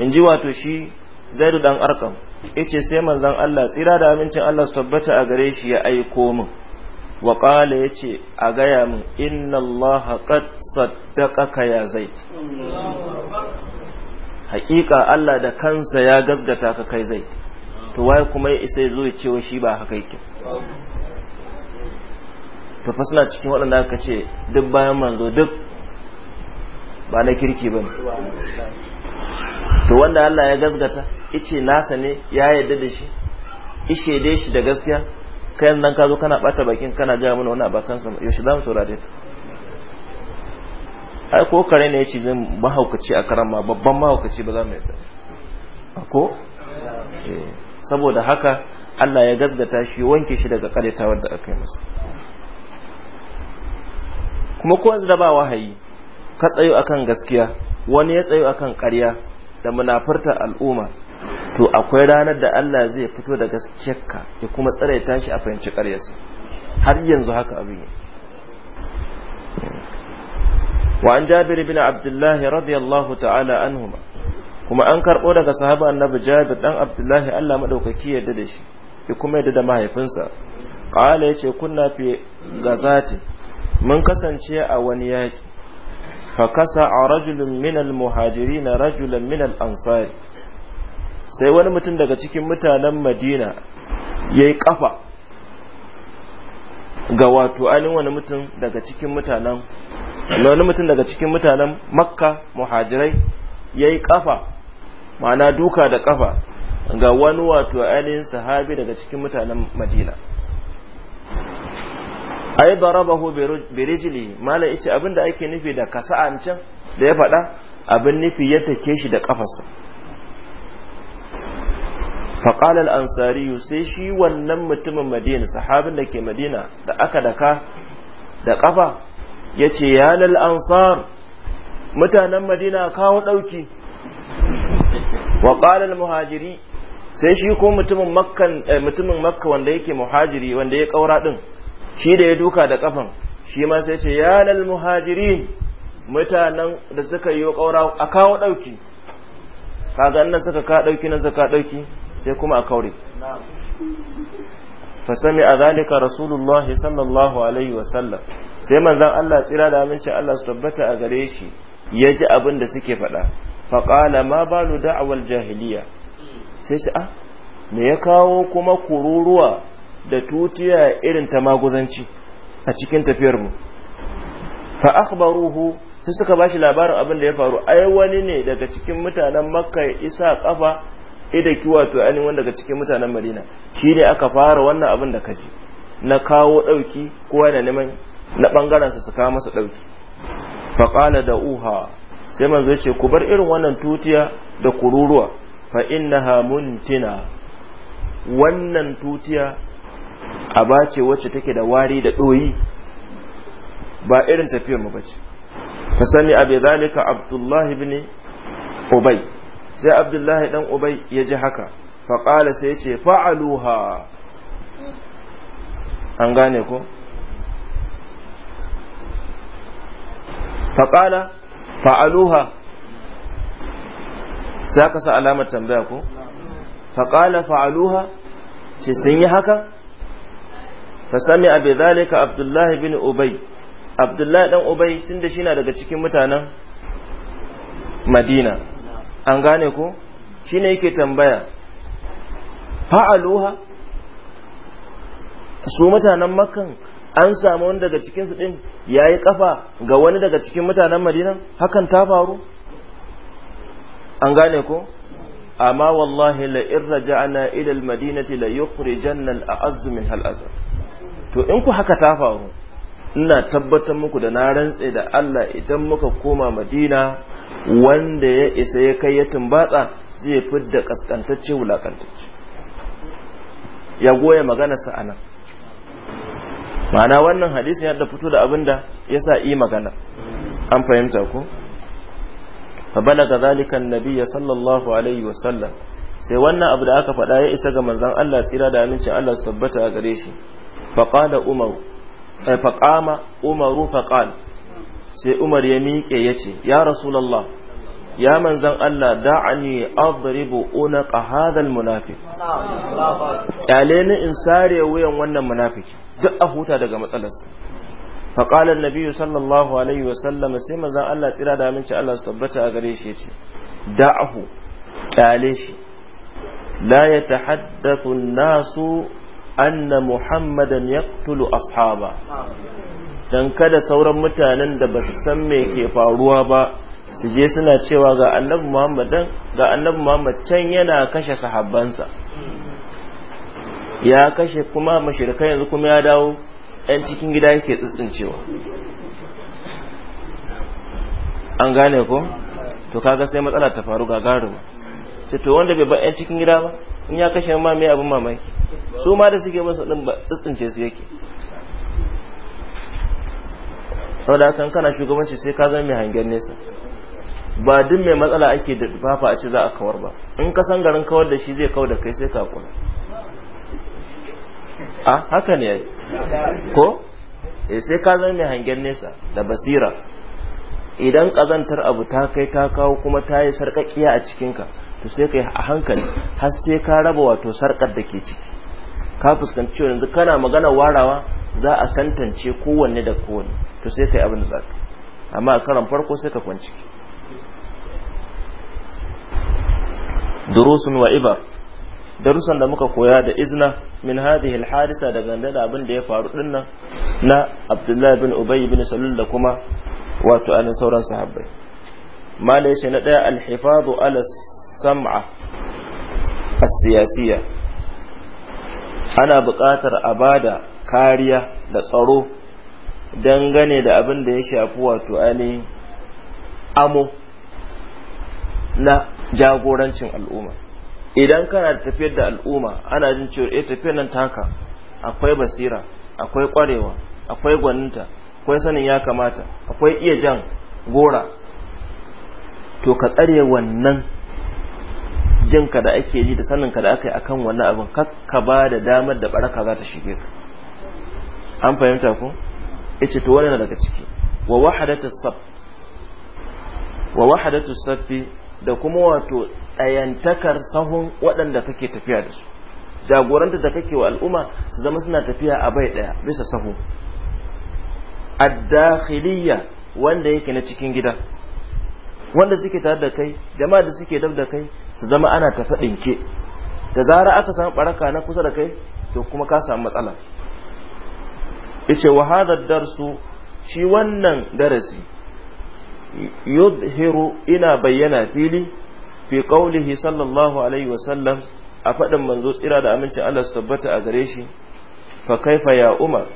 in ji wato shi zaidu dan arkam yace sai manzon Allah tsira da amincin Allah su tabbata a gare shi ya aiko min wa qala yace a gaya min inna Allah qad ka ya zai hakika Allah da kansa ya gasgata ka kai zai to waye kuma ya isa zo ya cewa shi ba haka yake to fa suna cikin waɗanda aka ce duk bayan manzo duk ba na kirki ba to wanda Allah ya gasgata ice nasa ne ya yarda da shi ishe dai shi da gaskiya kai nan ka zo kana bata bakin kana ga mana wani abakan sa yaushe za mu saurare ka ai ko kare ne yace zan mahaukaci a karan ma babban mahaukaci ba za mu yi ko eh, saboda haka Allah ya gazgata shi wanke shi daga karetawar da aka yi masa kuma ko yanzu da ba wahayi ka tsayo akan gaskiya wani ya tsayo akan ƙarya da munafurta al'umma to akwai ranar da Allah zai fito da gaskiyarka ya kuma tsare tashi a fahimci ƙaryarsa har yanzu haka abin yi wa an jabir bin abdullahi radiyallahu ta'ala anhuma kuma an karɓo daga sahaba annabi jabir dan abdullahi Allah madaukaki yadda da shi ya kuma yadda da mahaifinsa qala yace kunna fi gazati mun kasance a wani yaki fa kasa rajulun min al muhajirin rajulan min al ansari sai wani mutum daga cikin mutanen madina ya yi kafa ga wato ainihin wani mutum daga cikin mutanen wani mutum daga cikin mutanen makka muhajirai ya yi kafa ma'ana duka da kafa ga wani wato ainihin sahabi daga cikin mutanen madina a yi barabahu birijili mala ya ce abinda ake nufi da kasa'ancin da ya faɗa abin nufi ya take shi da kafarsa فقال الانصاري sai shi wannan mutumin madina sahabin da ke madina da aka daka da ƙafa ya ce ansar mutanen madina kawo ɗauki qala al-muhajiri sai shi ko mutumin makka wanda yake muhajiri wanda ya ƙaura din shi da ya duka da ƙafan shi ma sai ce ya muhajiri mutanen da suka yi ƙaura a kawo ɗauki kaga nan suka ka ɗauki nan suka ɗauki sai kuma a kaure sami a zalika rasulullah sallallahu alaihi wa sallam. sai manzan Allah tsira da aminci Allah su tabbata a gare shi ya ji abin da suke faɗa qala ma balu da'awar jahiliya sai shi ah me ya kawo kuma kururuwa da tutiya irin ta maguzanci a cikin tafiyar mu fa akhbaruhu sai suka bashi labarin abin da ya faru ai wani ne daga cikin mutanen makka ya isa kafa ida ki wato ainihin wanda daga cikin mutanen madina shine aka fara wannan abin da kaji na kawo ɗauki kowa yana neman na ɓangaren su kawo masa ɗauki faƙala da uha sai manzo ya ce ku bar irin wannan tutiya da kururuwa fa innaha muntina wannan tutiya a ce wacce take da wari da ɗoyi ba irin tafiyar mu bace fa sani abi zalika abdullahi ibn ubay sai abdullahi dan ubai ya ji haka faƙala sai ce fa'aluha an gane ko faƙala fa'aluha sai ka sa alamar tambaya ko faƙala fa'aluha ce sun yi haka sami abu zalika abdullahi bin ubai abdullahi dan ubai tun da shi na daga cikin mutanen madina an gane ko shi ne yake tambaya fa'aluha su mutanen makan an samu wani daga cikinsu ɗin ya yi ƙafa ga wani daga cikin mutanen madinan hakan ta faru an gane ko amma wallahi la in raja'na idal madinati la yukhrijanna al-a'azzu min to in ku haka ta faru ina tabbatar muku da na rantse da Allah idan muka koma Madina wanda ya isa ya kai ya tumbatsa zai fidda kaskantacce wulakantacce ya goya maganarsa a nan ma'ana wannan hadisin ya da fito da abinda da ya sa yi magana an fahimta ko fa balaga zalika annabiyya sallallahu alaihi wasallam sai wannan abu da aka faɗa ya isa ga manzon Allah tsira da amincin Allah su tabbata a gare shi fa Umaru umar eh, fa qama sai umar ya miƙe ya ce ya rasulallah ya manzan Allah da'ani adribu unaqa hadhal munafiq kyale ni in sare wuyan wannan munafiki duk a huta daga matsalarsa fa qala an-nabiy sallallahu alaihi wa sallam sai manzan Allah tsira da aminci Allah su tabbata a gare shi yace da'ahu ƙyale shi la yatahaddathu an-nasu anna muhammadan yaqtulu ashaba don kada sauran mutanen da ba su san me ke faruwa ba su je suna cewa ga annabi muhammad ga annabi muhammad can yana kashe sahabbansa ya kashe kuma mashirkai yanzu kuma ya dawo yan cikin gida yake tsitsincewa an gane ko to kaga sai matsala ta faru gagaruma ce to wanda bai ba yan cikin gida ba in ya kashe ma mai abin mamaki su ma da suke masa din ba tsitsince su yake saboda kan kana shugabanci sai ka zama mai hangen nesa ba duk mai matsala ake da fafa a ce za a kawar ba in ka san garin kawar da shi zai kawar da kai sai ka kula a ah, haka ne ko eh sai ka zama mai hangen nesa da basira idan kazantar abu ta kai ta kawo kuma ta yi sarƙaƙiya a cikinka to sai kai a hankali har sai ka raba wato sarƙar da ke ciki ka fuskanci yanzu kana magana warawa za a tantance kowanne da kowanne to sai kai abin da za ka amma a karan farko sai ka kwanci durusun wa ibar darussan da muka koya da izna min hadhihi alhadisa da daga da abin da ya faru nan na Abdullahi bin Ubay bin Salul da kuma wato anan sauran sahabbai mala yace na daya alhifadu ala sam'a as ana buƙatar a bada kariya da tsaro dangane da abin da ya shafi wato ainihin amo na jagorancin al'umma idan kana tafiyar da al'umma ana jin cewa ya eh, tafiyar nan taka akwai basira akwai kwarewa akwai gwaninta akwai sanin ya kamata akwai iya jan gora to ka tsare wannan jinka da ake ji da saninka da aka yi akan wannan abin ka ba da damar da baraka za ta shige ka an fahimta ku? yace to wannan daga ciki wa wahadatu saf wa wahadatu safi da kuma wato ɗayantakar sahun waɗanda kake tafiya da su jagoranta da kake wa al'umma su zama suna tafiya a bai ɗaya bisa sahu ad-dakhiliyya wanda yake na cikin gida wanda suke tare da kai jama'a da suke dab da kai su zama ana tafa ke da zara aka samu baraka na kusa da kai to kuma ka samu matsala yace wa hadha darsu shi wannan darasi yudhiru ina bayyana fili fi qawlihi sallallahu alaihi wa sallam a faɗin manzo tsira da aminci Allah su tabbata a gare shi fa kaifa ya umar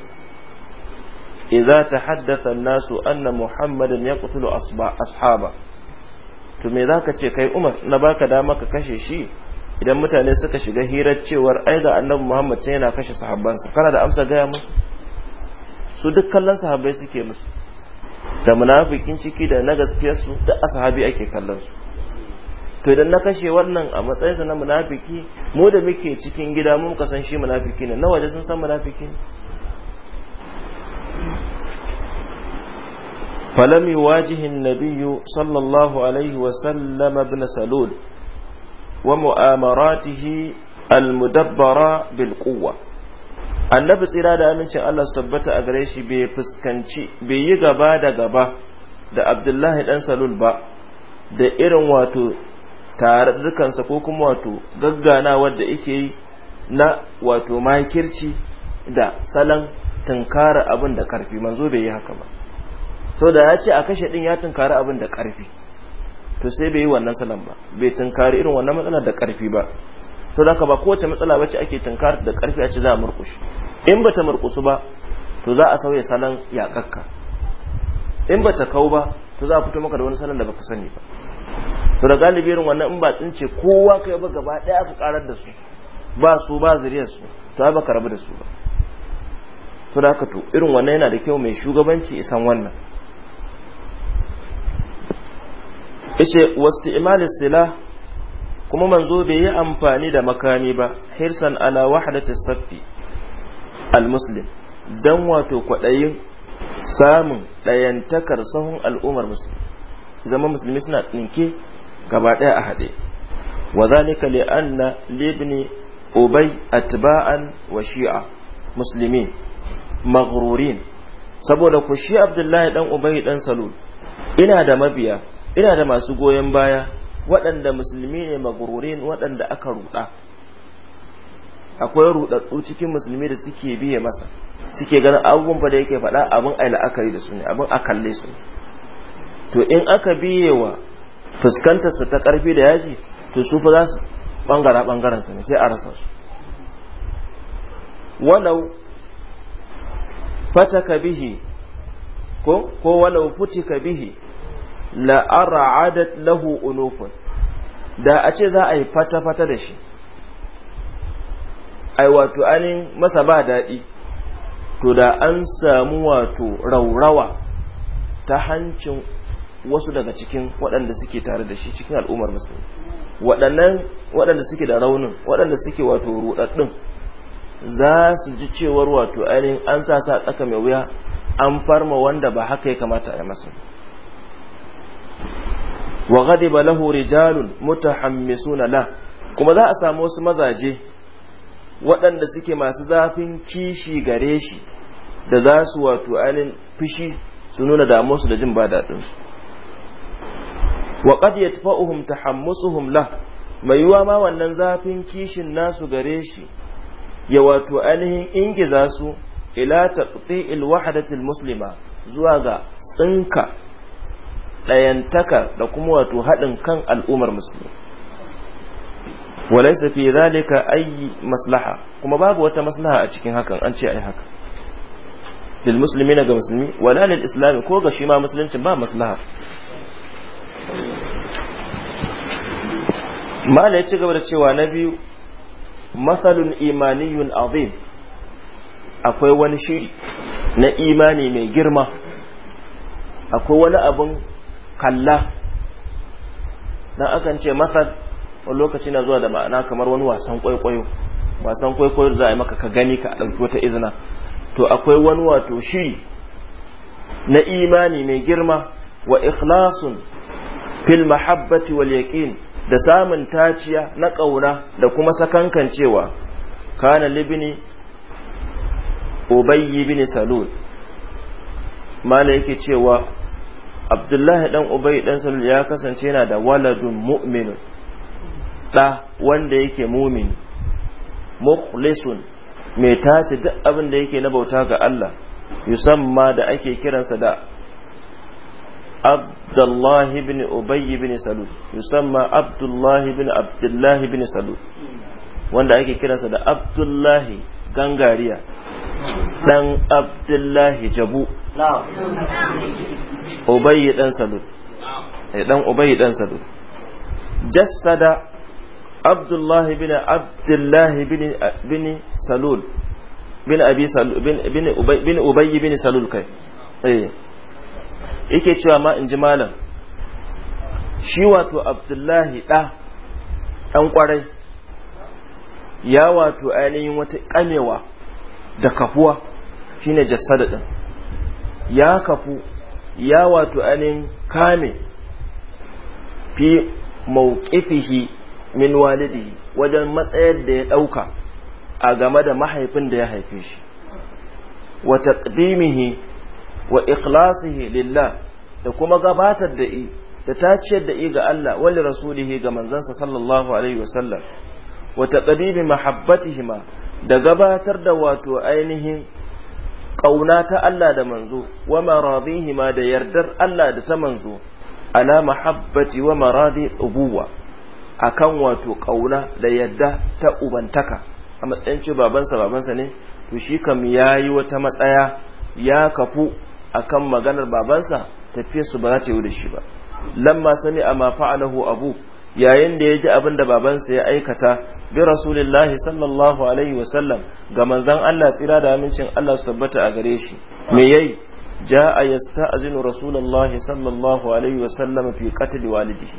idza tahaddatha an-nasu anna muhammadan yaqtulu ashaba to me zaka ce kai umar na baka dama ka kashe shi idan mutane suka shiga hirar cewar ai ga annabi muhammad sai yana kashe sa kana da amsa gaya musu su duk kallon sahabbai suke musu da munafikin ciki da na gaskiyar su da asahabi ake kallon su to idan na kashe wannan a matsayinsa na munafiki mu da muke cikin gida mun ka san shi munafiki ne na waje sun san munafiki ne wajihin yuwajihi an sallallahu alaihi wa sallama ibn salul wa mu'amaratihi al-mudabbara bil annabi tsira da amincin Allah su tabbata a gare shi bai fuskanci bai yi gaba da gaba da abdullahi dan salul ba da irin wato dukansa ko kuma wato gaggana wadda yake yi na wato makirci da salon tunkara abin da karfi manzo bai yi haka ba so da ya ce a kashe din ya tunkara abin da karfi to sai bai yi wannan salon ba bai tunkari irin wannan matsalar da karfi ba saboda da ba kowace matsala ba ce ake tunkar da karfi a ce za a murkushe in ta murkusu ba to za a sauya salon yakakka in ba ta kawo ba to za a fito maka da wani salon da baka sani ba to da galibi irin wannan in ba tsince kowa kai ba gaba ɗaya aka karar da su ba su ba zuriyar su to ai baka rabu da su ba to da haka to irin wannan yana da kyau mai shugabanci isan wannan wasu wasti'malis sila. kuma manzo bai yi amfani da makami ba hirsan ala wahdati saffi almuslim dan wato kwadayin samun dayantakar sahun al'ummar musulmi zama musulmi suna tsinke gaba daya a hade wa zalika li anna libni ubay atba'an wa shi'a muslimin maghrurin saboda ku shi abdullahi dan ubay dan salul ina da mabiya ina da masu goyen baya waɗanda musulmi ne magururin waɗanda aka ruɗa akwai ruɗaɗɗu cikin musulmi da suke biye masa suke ganin abubuwan fa da yake faɗa abin ai la'akari da su ne abin a kalle su ne. to in aka biye wa fuskantarsa ta ƙarfi da yaji to su fa za su bangara bangaren su ne sai a rasa su walau ka bihi ko ko walau ka bihi la'ar'adat lahu unufun da a ce za a yi fata-fata da shi ai wato anin masa ba daɗi to da an samu wato raurawa ta hancin wasu daga cikin waɗanda suke tare da shi cikin al'ummar musulmi waɗannan waɗanda suke da raunin waɗanda suke wato ruɗaɗɗin za su ji cewar wato ainihin an sa sa tsaka mai wuya an farma wanda ba haka ya kamata a yi masa wa ghadiba lahu rijalun mutahammisuna la kuma za a samu wasu mazaje waɗanda suke masu zafin kishi gare shi da za su wato ainihin fishi su nuna damuwarsu da jin ba daɗinsu wa qad yatfa'uhum tahammusuhum la mai yiwuwa ma wannan zafin kishin nasu gare shi ya wato ainihin ingiza su ila taqti'il wahdatil muslima zuwa ga tsinka ɗayantaka da kuma wato haɗin kan al'ummar musulmi walaisa fi zalika ayi maslaha kuma babu wata maslaha a cikin hakan an ce ai haka lil muslimina ga musulmi wala lil islami ko ga shi ma musulunci ba maslaha mala ya ci gaba da cewa na biyu masalun imaniyun azim akwai wani shiri na imani mai girma akwai wani abin kalla dan akan ce masal wani lokaci na zuwa da ma'ana kamar wani wasan kwaikwayo wasan kwaikwayo za a yi maka ka gani ka ɗauki wata izina to akwai wani wato shi na imani mai girma wa ikhlasun fil mahabbati wal yaqin da samun taciya na ƙauna da kuma sakankan cewa kana libni ubayyi bin salul mala yake cewa abdullahi dan ubay dan salul ya kasance yana da waladun mu'min da wanda yake mu'min mukhlisun mai tace duk abin da yake na bauta ga Allah yusamma da ake kiransa da abdullah ibn ubay ibn Salul yusamma Abdullahi ibn Abdullahi ibn Salul wanda ake kiransa da Abdullahi gangariya dan abdullahi jabu ubayyi dan salud eh, ɗan ubayyi ɗan salud jassada abdullahi bin abdullahi bin bin salul bin abi salul bin bin bin salul kai eh yake cewa ma in ji malam shi wato abdullahi ɗa ɗan ƙwarai ya wato ainihin wata ƙamewa da kafuwa shine jassada din ya kafu ya wato anin kame fi mawqifihi min walidihi wajen matsayar da ya dauka a game da mahaifin da ya haife shi wa taqdimihi wa ikhlasihi lillah da kuma gabatar da i da taciyar da i ga Allah wali rasulihi ga manzansa sallallahu alaihi wasallam wa taqdimi mahabbatihima da gabatar da wato ainihin ƙauna ta Allah da manzo wa maradihi ma da yardar Allah da ta manzo ala mahabbati wa maradi ubuwa akan wato ƙauna da yadda ta ubantaka a matsayin ce babansa babansa ne to shi kam yayi wata matsaya ya kafu akan maganar babansa tafiyar su ba za ta yi da shi ba lamma sami amma fa'alahu abu yayin da ya ji abin da babansa ya aikata bi rasulillahi sallallahu alaihi wasallam ga manzon Allah tsira da amincin Allah su tabbata a gare shi me yayi ja'a yasta'zinu rasulullahi sallallahu alaihi wasallam fi qatl walidihi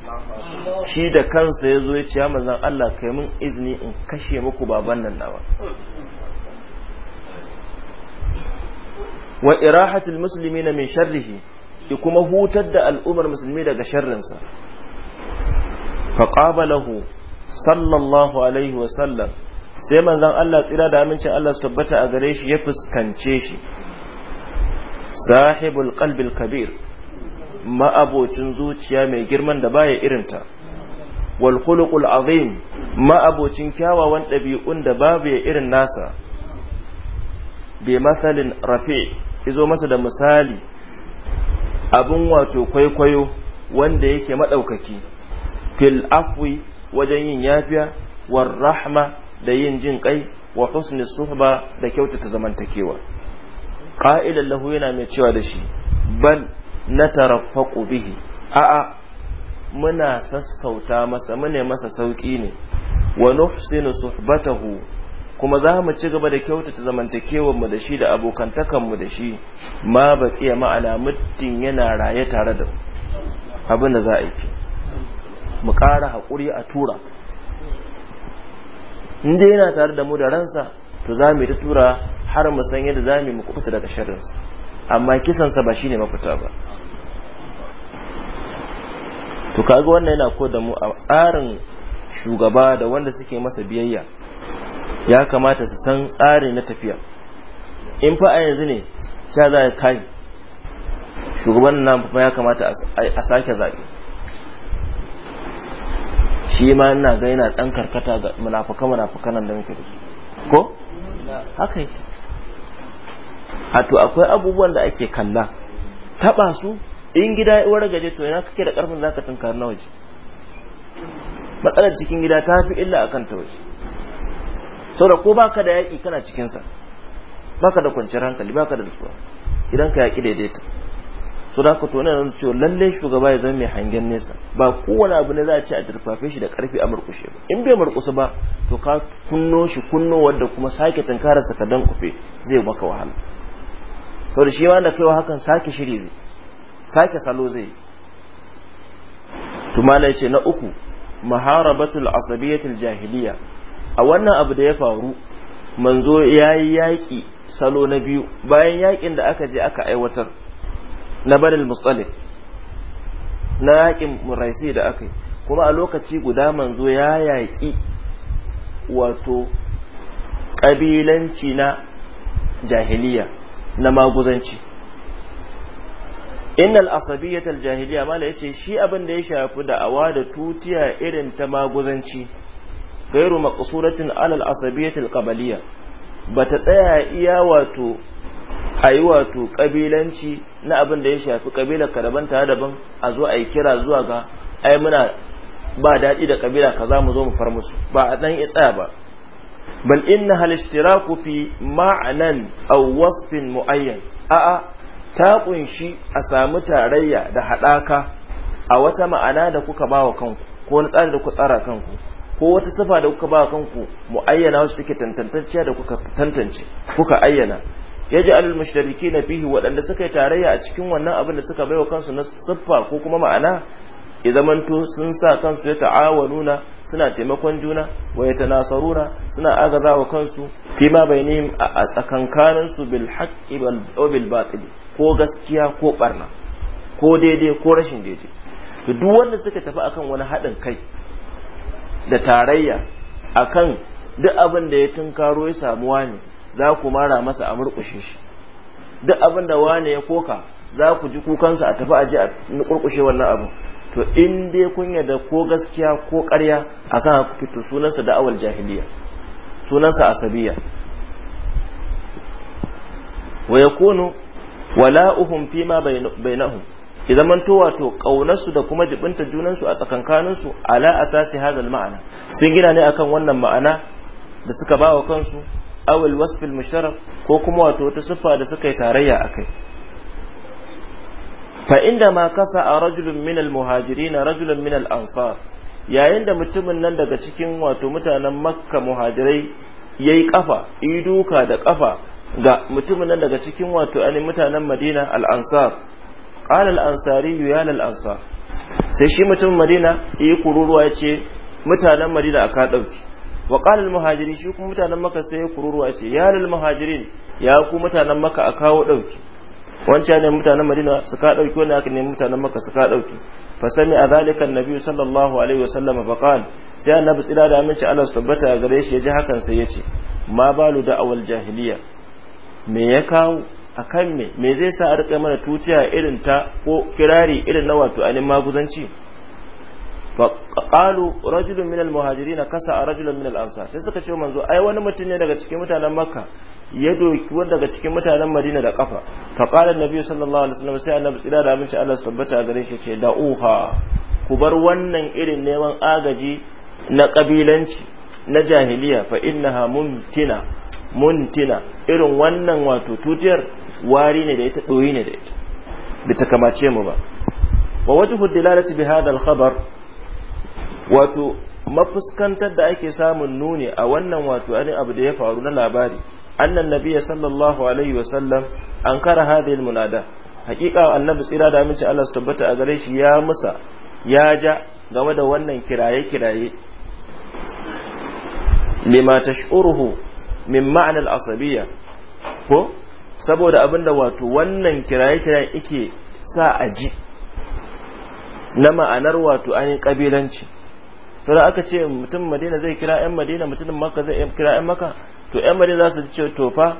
shi da kansa yazo ya ce ya manzon Allah kai mun izini in kashe muku baban nan nawa wa irahatul muslimina min sharrihi kuma hutar da al'ummar musulmi daga sharrinsa faqabalahu sallallahu alaihi wasallam sai manzon Allah tsira da amincin Allah su tabbata a gare shi ya fuskance shi sahibul qalbil kabir ma'abocin zuciya mai girman da baya irinta wal khuluqul azim ma'abocin kyawawan ɗabi'un da babu ya irin nasa bi masalin rafi izo masa da misali abun wato kwaikwayo wanda yake madaukaki fil afwi wajen yin yafiya war rahma da yin jin kai wa husni suhba da kyautata zamantakewa qa'ilan lahu yana mai cewa da shi bal natarafaqu bihi a'a muna sassauta masa mune masa sauki ne wa nuhsinu suhbatahu kuma za mu ci gaba da kyautata zamantakewar mu da shi da abokantakan mu da shi ma baqiya ma'ana muddin yana raye tare da abin da za a yi mu ƙara haƙuri a tura inda yana tare da mu da ransa to za mu yi ta tura har mu san yadda za mu yi mu kufuta daga shirinsa amma kisansa ba shine mafita ba to kaga wannan yana ko da mu a tsarin shugaba da wanda suke masa biyayya ya kamata su san tsari na tafiya in fa a yanzu ne sha za a kai shugaban nan ya kamata a sake zaɓe shi ma ina ga yana dan karkata ga munafuka munafukan nan da muke da su ko haka yake a to akwai abubuwan da ake kalla taba su in gida ya gaje to yana kake da karfin zaka tunkar na waje matsalar cikin gida ta fi illa akan ta waje saboda ko baka da yaki kana cikin sa baka da kwanciyar hankali baka da nutsuwa idan ka yaki daidaita su da haka ne nan cewa lalle shugaba ya zama mai hangen nesa ba kowane abu ne za a ce a turfafe shi da karfi a murkushe ba in bai murkusa ba to ka kunno shi kunno wanda kuma sake tunkarar sa ka dan kufe zai maka wahala to da shi ma da kaiwa hakan sake shiri zai sake salo zai to malai ce na uku maharabatul asabiyatul jahiliya a wannan abu da ya faru manzo yayi yaki salo na biyu bayan yakin da aka je aka aiwatar na banil mustalif na yakin muraisi da aka yi kuma a lokaci guda manzo ya yaƙi wato ƙabilanci na jahiliya na maguzanci innal asabiyatal jahiliya mala yace shi abin da ya shafi da awa da tutiya irin ta maguzanci gairu maqsuratin alal asabiyyatil qabaliya bata tsaya iya wato a yi wato kabilanci na abin da ya shafi kabila ka daban tare daban a zo a yi kira zuwa ga ai muna ba daɗi da kabila kaza mu zo mu far musu ba a dan tsaya ba bal inna hal ishtiraku fi ma'anan aw wasfin muayyan a'a ta kunshi a samu tarayya da hadaka a wata ma'ana da kuka ba wa kanku ko wani tsari da kuka tsara kanku ko wata sifa da kuka ba wa kanku mu'ayyana wasu suke tantantacciya da kuka tantance kuka ayyana ya ji alal mashtariki na fihi waɗanda suka yi tarayya a cikin wannan abin da suka baiwa kansu na siffa ko kuma ma'ana ya zamanto sun sa kansu ya nuna suna taimakon juna wa ya tanasaruna suna agaza kansu fi ma bainihim a tsakankanin su bil haqqi wal bil batil ko gaskiya ko barna ko daidai ko rashin daidai to duk wanda suka tafi akan wani haɗin kai da tarayya akan duk abin da ya tunkaro ya samuwa ne za ku mara masa a murƙushe shi duk abin da wane ya koka za ku ji kukansa a tafi aji a murƙushe wannan abu to in dai kun yarda ko gaskiya ko ƙarya a haka fito sunansa awal jahiliya sunansa asabiya wa kono wala'uhum fi ma bainahum idan man to wato kaunarsu da kuma jibinta junansu a tsakankaninsu ala asasi hazal ma'ana sun gina ne akan wannan ma'ana da suka ba wa kansu awil wasfil musharraf ko kuma wato wata siffa da suka tarayya a kai fa inda ma kasa a rajulun min al-muhajirin rajulun min al-ansar yayin da mutumin nan daga cikin wato mutanen makka muhajirai yayi kafa iduka da kafa ga mutumin nan daga cikin wato ani mutanen madina al-ansar qala al-ansari ya al-ansar sai shi mutumin madina yi kururuwa ya ce mutanen madina aka dauki wa qala al muhajirin shi kuma mutanen maka sai ya kururuwa ce ya lal muhajirin ya ku mutanen maka a kawo dauki wancan ne mutanen madina suka dauki wannan aka nemi mutanen maka suka dauki fa sami a zalika annabi sallallahu alaihi wasallam fa qala sai annabi tsira da aminci Allah tabbata gare shi ya ji hakan sai ya ce ma balu da awal jahiliya me ya kawo akan me me zai sa a rika mana tuciya irin ta ko kirari irin na wato anin maguzanci faqalu rajulun minal muhajirin kasa a rajulun minal sai suka ce manzo ai wani mutum ne daga cikin mutanen makka ya doki wanda daga cikin mutanen madina da kafa faqala annabi sallallahu alaihi wasallam sai annabi tsira da abinci Allah tabbata a gare shi ce uha ku bar wannan irin neman agaji na kabilanci na jahiliya fa innaha muntina muntina irin wannan wato tutiyar wari ne da ita doyi ne da ita bita kamace mu ba wa wajhu dilalati bi hadha al-khabar wato mafuskantar da ake samun nuni a wannan wato ani abu da ya faru na labari annan nabiyya sallallahu alaihi wa sallam an kara hadhihi munada hakika annabi tsira da aminci Allah tabbata a gare shi ya musa ya ja game da wannan kiraye kiraye lima tash'uruhu min ma'ana al-asabiyya ko saboda abinda wato wannan kiraye kiraye yake sa a ji na ma'anar wato yi kabilanci da aka ce mutum madina zai kira 'yan madina mutumin maka zai kira 'yan maka to 'yan madina za su ce to fa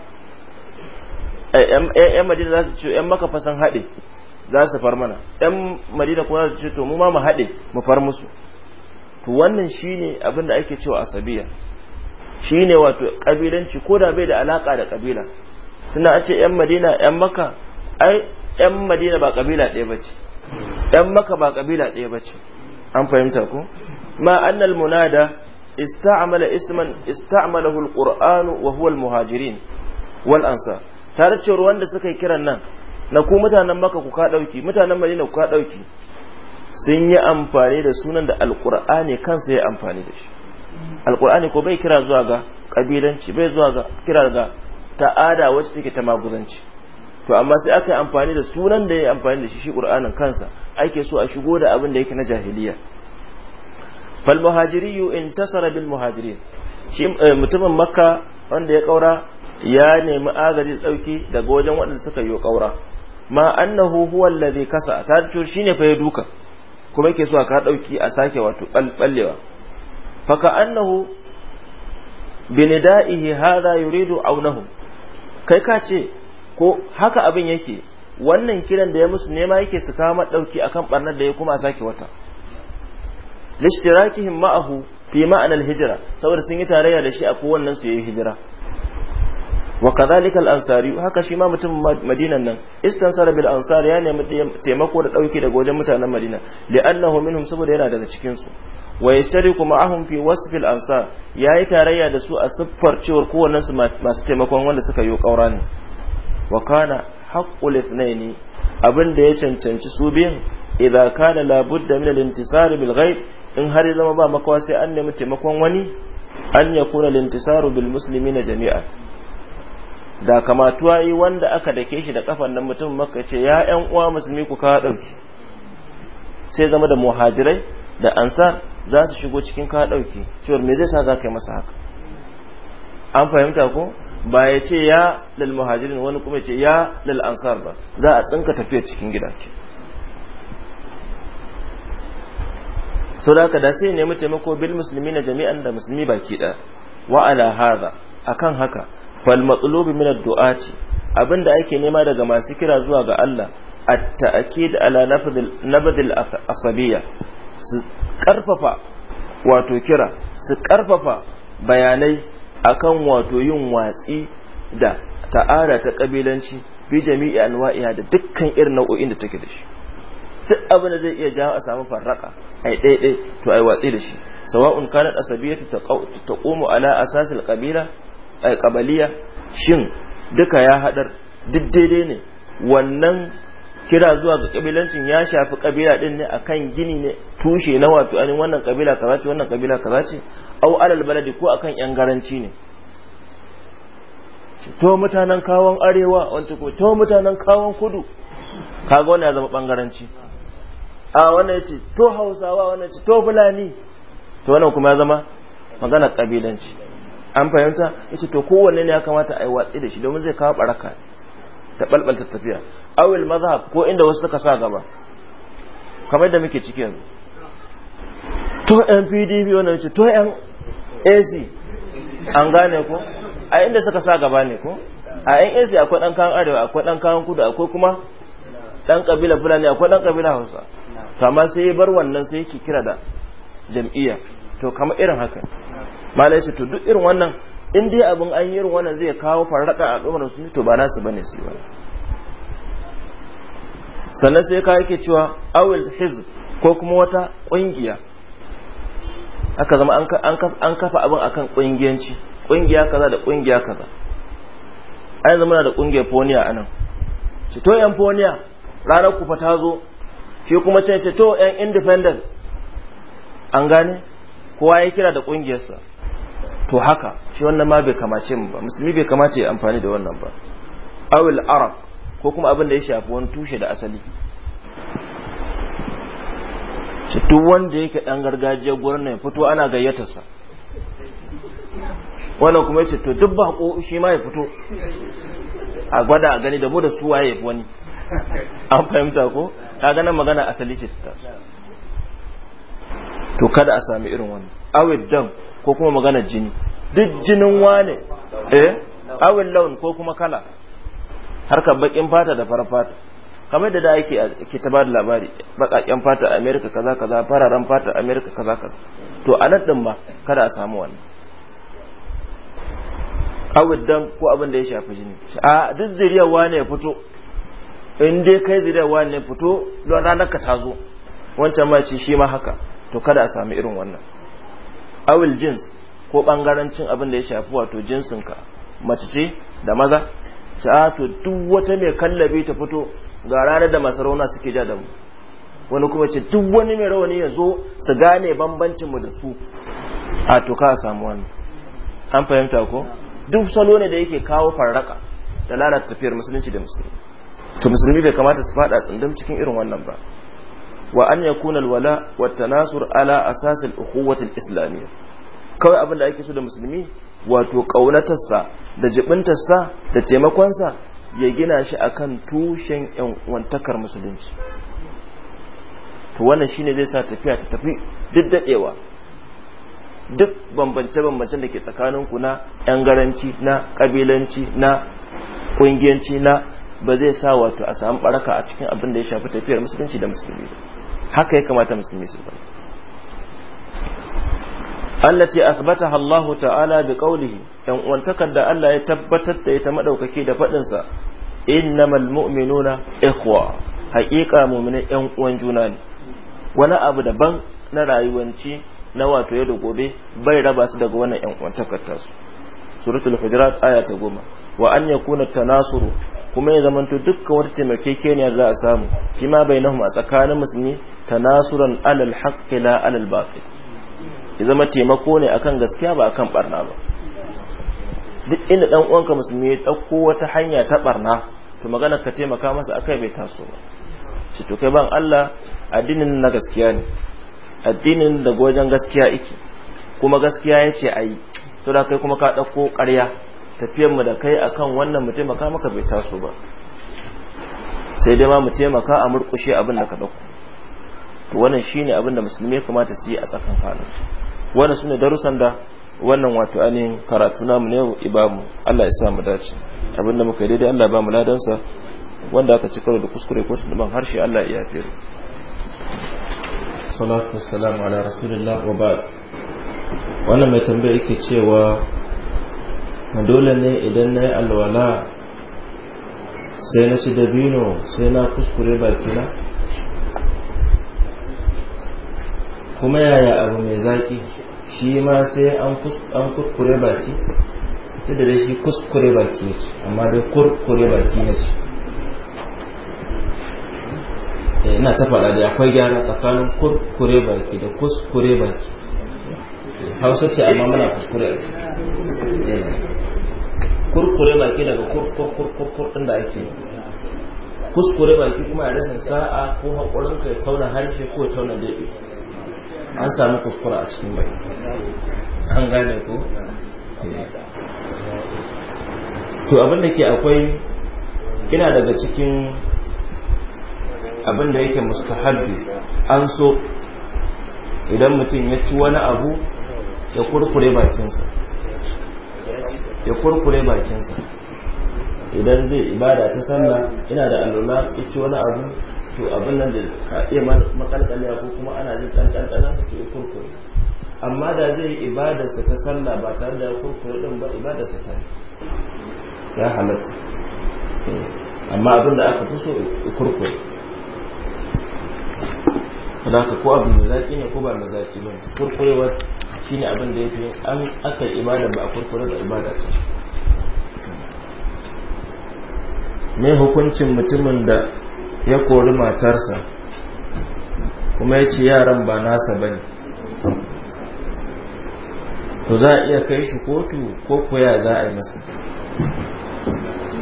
'yan eh, madina za su ce 'yan maka fa san haɗe za su far mana 'yan madina kuma za su ce to mu ma mu haɗe mu far musu to wannan shine abin da ake cewa asabiya shine wato kabilanci ko da bai da alaka da kabila tunda an ce 'yan madina 'yan maka ai 'yan madina ba kabila ɗaya bace 'yan maka ba kabila ɗaya bace an fahimta ko ma annal munada ista'mala isman ista'malahu alqur'anu wa huwa almuhajirin wal ansar tare cewa wanda suka kiran nan na ku mutanen Makka ku ka dauki mutanen madina ku ka dauki sun yi amfani da sunan da al alqur'ani kansa ya amfani da shi al alqur'ani ko bai kira zuwa ga kabilanci bai zuwa ga kira ga ta'ada wacce take ta maguzanci to amma sai aka yi amfani da sunan da ya yi amfani da shi shi ƙur'anin kansa ake so a shigo da abin da yake na jahiliya fal muhajiriyu intasara bil muhajirin shi eh, mutumin makka wanda ya kaura ya nemi agaji dauki daga wajen waɗanda suka yi kaura ma annahu huwa allazi kasa ta to shine fa ya duka kuma yake so ka dauki a sake wato ballewa fa ka annahu binida'ihi hadha yuridu aunahu kai ka ce ko haka abin yake wannan kiran da ya musu nema yake su kama dauki akan barnar da ya kuma sake wata lishtirakihim ma'ahu fi ma'anar hijira saboda sun yi tarayya da shi a kowannen su yayi hijira wa kadhalika al-ansari haka shi ma mutum madinan nan istansara bil ansar ya nemi taimako da dauki daga wajen mutanen madina li'annahu minhum saboda yana daga cikin su wa yastariku ma'ahum fi wasf al-ansar yayi tarayya da su a siffar cewar kowannen su masu taimakon wanda suka yi kaura ne wa kana haqqul ithnaini abinda ya cancanci su biyan idza kana labudda min al-intisar bil ghaib in har ya zama ba makawa sai an nemi taimakon wani an ya kuna lintisaru bil musulmi na jami'a da kamatuwa yi wanda aka dake shi da kafan nan mutum maka ce ya yan uwa musulmi ku kawo ɗauki sai zama da muhajirai da ansar za su shigo cikin kawo ɗauki cewar me zai sa za ka masa haka an fahimta ko ba ya ce ya lal muhajirin wani kuma ce ya lal ansar ba za a tsinka tafiya cikin gida ke saboda da sai nemi taimako bil na jami'an da musulmi baki da wa ala hadha akan haka fal matlubi min ad-du'ati abinda ake nema daga masu kira zuwa ga Allah at-ta'kid ala nabdil asabiyya su karfafa wato kira su karfafa bayanai akan wato yin watsi da ta'ada ta kabilanci bi jami'i anwa'iha da dukkan irin nau'o'in da take da shi duk abin da zai iya jawo a samu farraka ai daidai to ai watsi da shi sawa'un kanat asabiyatu taqumu ala asasil qabila ai qabaliya shin duka ya hadar duk daidai ne wannan kira zuwa ga kabilancin ya shafi kabila din ne akan gini ne tushe na wato an wannan kabila kaza ce wannan kabila kaza ce au alal baladi ko akan yan garanci ne to mutanen kawon arewa wanda ko to mutanen kawon kudu kaga wannan ya zama bangaranci a wannan ya ce to hausawa wannan ce to fulani to wannan kuma ya zama magana kabilanci an fahimta yace to kowanne ne ya kamata a yi watsi da shi domin zai kawo baraka ta balbalta tafiya awil mazhab ko inda wasu suka sa gaba kamar da muke ciki yanzu to yan pdp wannan ce to yan ac an gane ko a inda suka sa gaba ne ko a yan ac akwai dan kayan arewa akwai dan kayan kudu akwai kuma dan kabila fulani akwai dan kabila hausa amma sai ya bar wannan sai yake kira da jam'iyya to kama irin haka malai ce to duk irin wannan in dai abin an yi irin wannan zai kawo farraka a al'ummar su to ba nasu bane su ba sannan sai ka yake cewa awil hizb ko kuma wata kungiya aka zama an kafa abin akan kungiyanci kungiya kaza da kungiya kaza ai zama da kungiyar foniya anan to yan foniya ranar kufa ta zo shi kuma can ce to yan independent an gane kowa ya kira da kungiyarsa to haka shi wannan ma bai kamace mu ba musulmi bai kamace amfani da wannan ba awil arab ko kuma abin da ya shafi wani tushe da asali shi duk wanda yake dan gargajiya gurin ya fito ana sa wannan kuma yace to duk bako shi ma ya fito a gwada a gani da mu da su waye wani an fahimta ko ka nan magana a ce ta to kada a sami irin wannan awil dam ko kuma magana jini duk jinin wane eh awil laun ko kuma kala harkar bakin fata da farar fata kamar da da yake ke ta da labari bakakken fata America kaza kaza fararen fata America kaza kaza to a nan din ma kada a samu wannan awil dam ko abin da ya shafi jini a duk zuriyar wane ya fito in dai kai zuriyarwa ne fito don ranar ka tazo wancan mace shi ma haka to kada a sami irin wannan awil jins ko bangarancin abin da ya shafi wato jinsinka mace ce da maza ci a ah, to duk wata mai kallabi ta fito ga ranar da masu rauna suke ja da mu wani kuma ce duk wani mai rawani ya zo su gane bambancin mu da su a to ka samu wani an fahimta ko duk salo ne da yake kawo farraka da lalata tafiyar musulunci da musulunci. to musulmi bai kamata su fada tsindin cikin irin wannan ba wa an yakuna alwala wat tanasur ala asas al-ukhuwah al-islamiyya kawai abin da ake so da musulmi wato kaunatarsa da jibintarsa da taimakonsa ya gina shi akan tushen yan wantakar musulunci to wannan shine zai sa tafiya ta tafi duk dadewa duk bambance-bambancen da ke tsakanin ku na 'yan garanci na kabilanci na ƙungiyanci na ba zai sa wato a samu baraka a cikin abin da ya shafi tafiyar musulunci da musulmi haka ya kamata musulmi su ba allati athbataha Allahu ta'ala bi qawlihi dan wantakar da Allah ya tabbatar da ita madaukake da fadin sa innamal mu'minuna ikhwa haqiqa mu'mini yan uwan juna ne wani abu daban na rayuwanci na wato yau da gobe bai raba su daga wannan yan uwantakar tasu suratul hujurat aya ta goma wa an yakuna tanasuru kuma ya zamanto dukkan wata taimakekeniya za a samu kima bai bainahum a tsakanin musulmi tanasuran alal haqqi la alal batil ya zama taimako ne akan gaskiya ba akan barna ba duk inda dan uwanka musulmi ya dauko wata hanya ta barna to magana ka taimaka masa akai bai taso ba shi to kai ban Allah addinin na gaskiya ne addinin da wajen gaskiya yake kuma gaskiya yace ayi saboda da kai kuma ka ɗauko ƙarya tafiyar mu da kai akan wannan mu taimaka maka bai taso ba sai dai ma mu taimaka a murƙushe abin da ka ɗauko to wannan shine abin da musulmi ya kamata su yi a tsakan kanu wannan sune darussan da wannan wato ainihin karatu mu ne ibamu Allah ya sa mu dace abin da muka yi daidai Allah ba mu ladansa wanda aka ci karo da kuskure ko su harshe Allah ya yafe salatu wassalamu ala rasulillah wa ba'd wannan mai tambaya yake cewa na dole ne idan na yi alwala sai na ci dabino sai na kuskure bakina kuma yaya abu mai zaki shi ma sai an kuskure baki da da shi kuskure baki ne ci amma dai kuskure baki ne ci eh, ina ta faɗa da akwai gyara tsakanin kuskure baki da kuskure baki hausa ce amma muna kuskure a eh. kurkure baki daga kurkurkurkur ɗin da ake kuskure baki kuma ya rasa sa'a ko haƙurin kai tauna harshe ko tauna daɗi an samu kuskura a cikin baki an gane ko eh. to abin da ke akwai ina daga cikin abin da yake harbi an so idan mutum ya ci wani abu ya kurkure bakinsa ya kurkure bakinsa idan zai ibada ta sallah ina da alluna ita wani abu to abin nan da ka iya makalkaliya ko kuma ana jin kankankana sa to ya kurkure amma da zai sa ta sallah ba tare da ya kurkure din ba sa ta ya halatta eh, amma abin da aka fi so ya kurkure da ko abu mai zaki ne ko ba mai zaki ba kurkurewar shine abin da yake an aka ibada ba a kurkure da ibada ta me hukuncin mutumin da ya kori matarsa kuma ya ce yaran ba nasa bane to za a iya kai shi kotu ko koya za a yi masa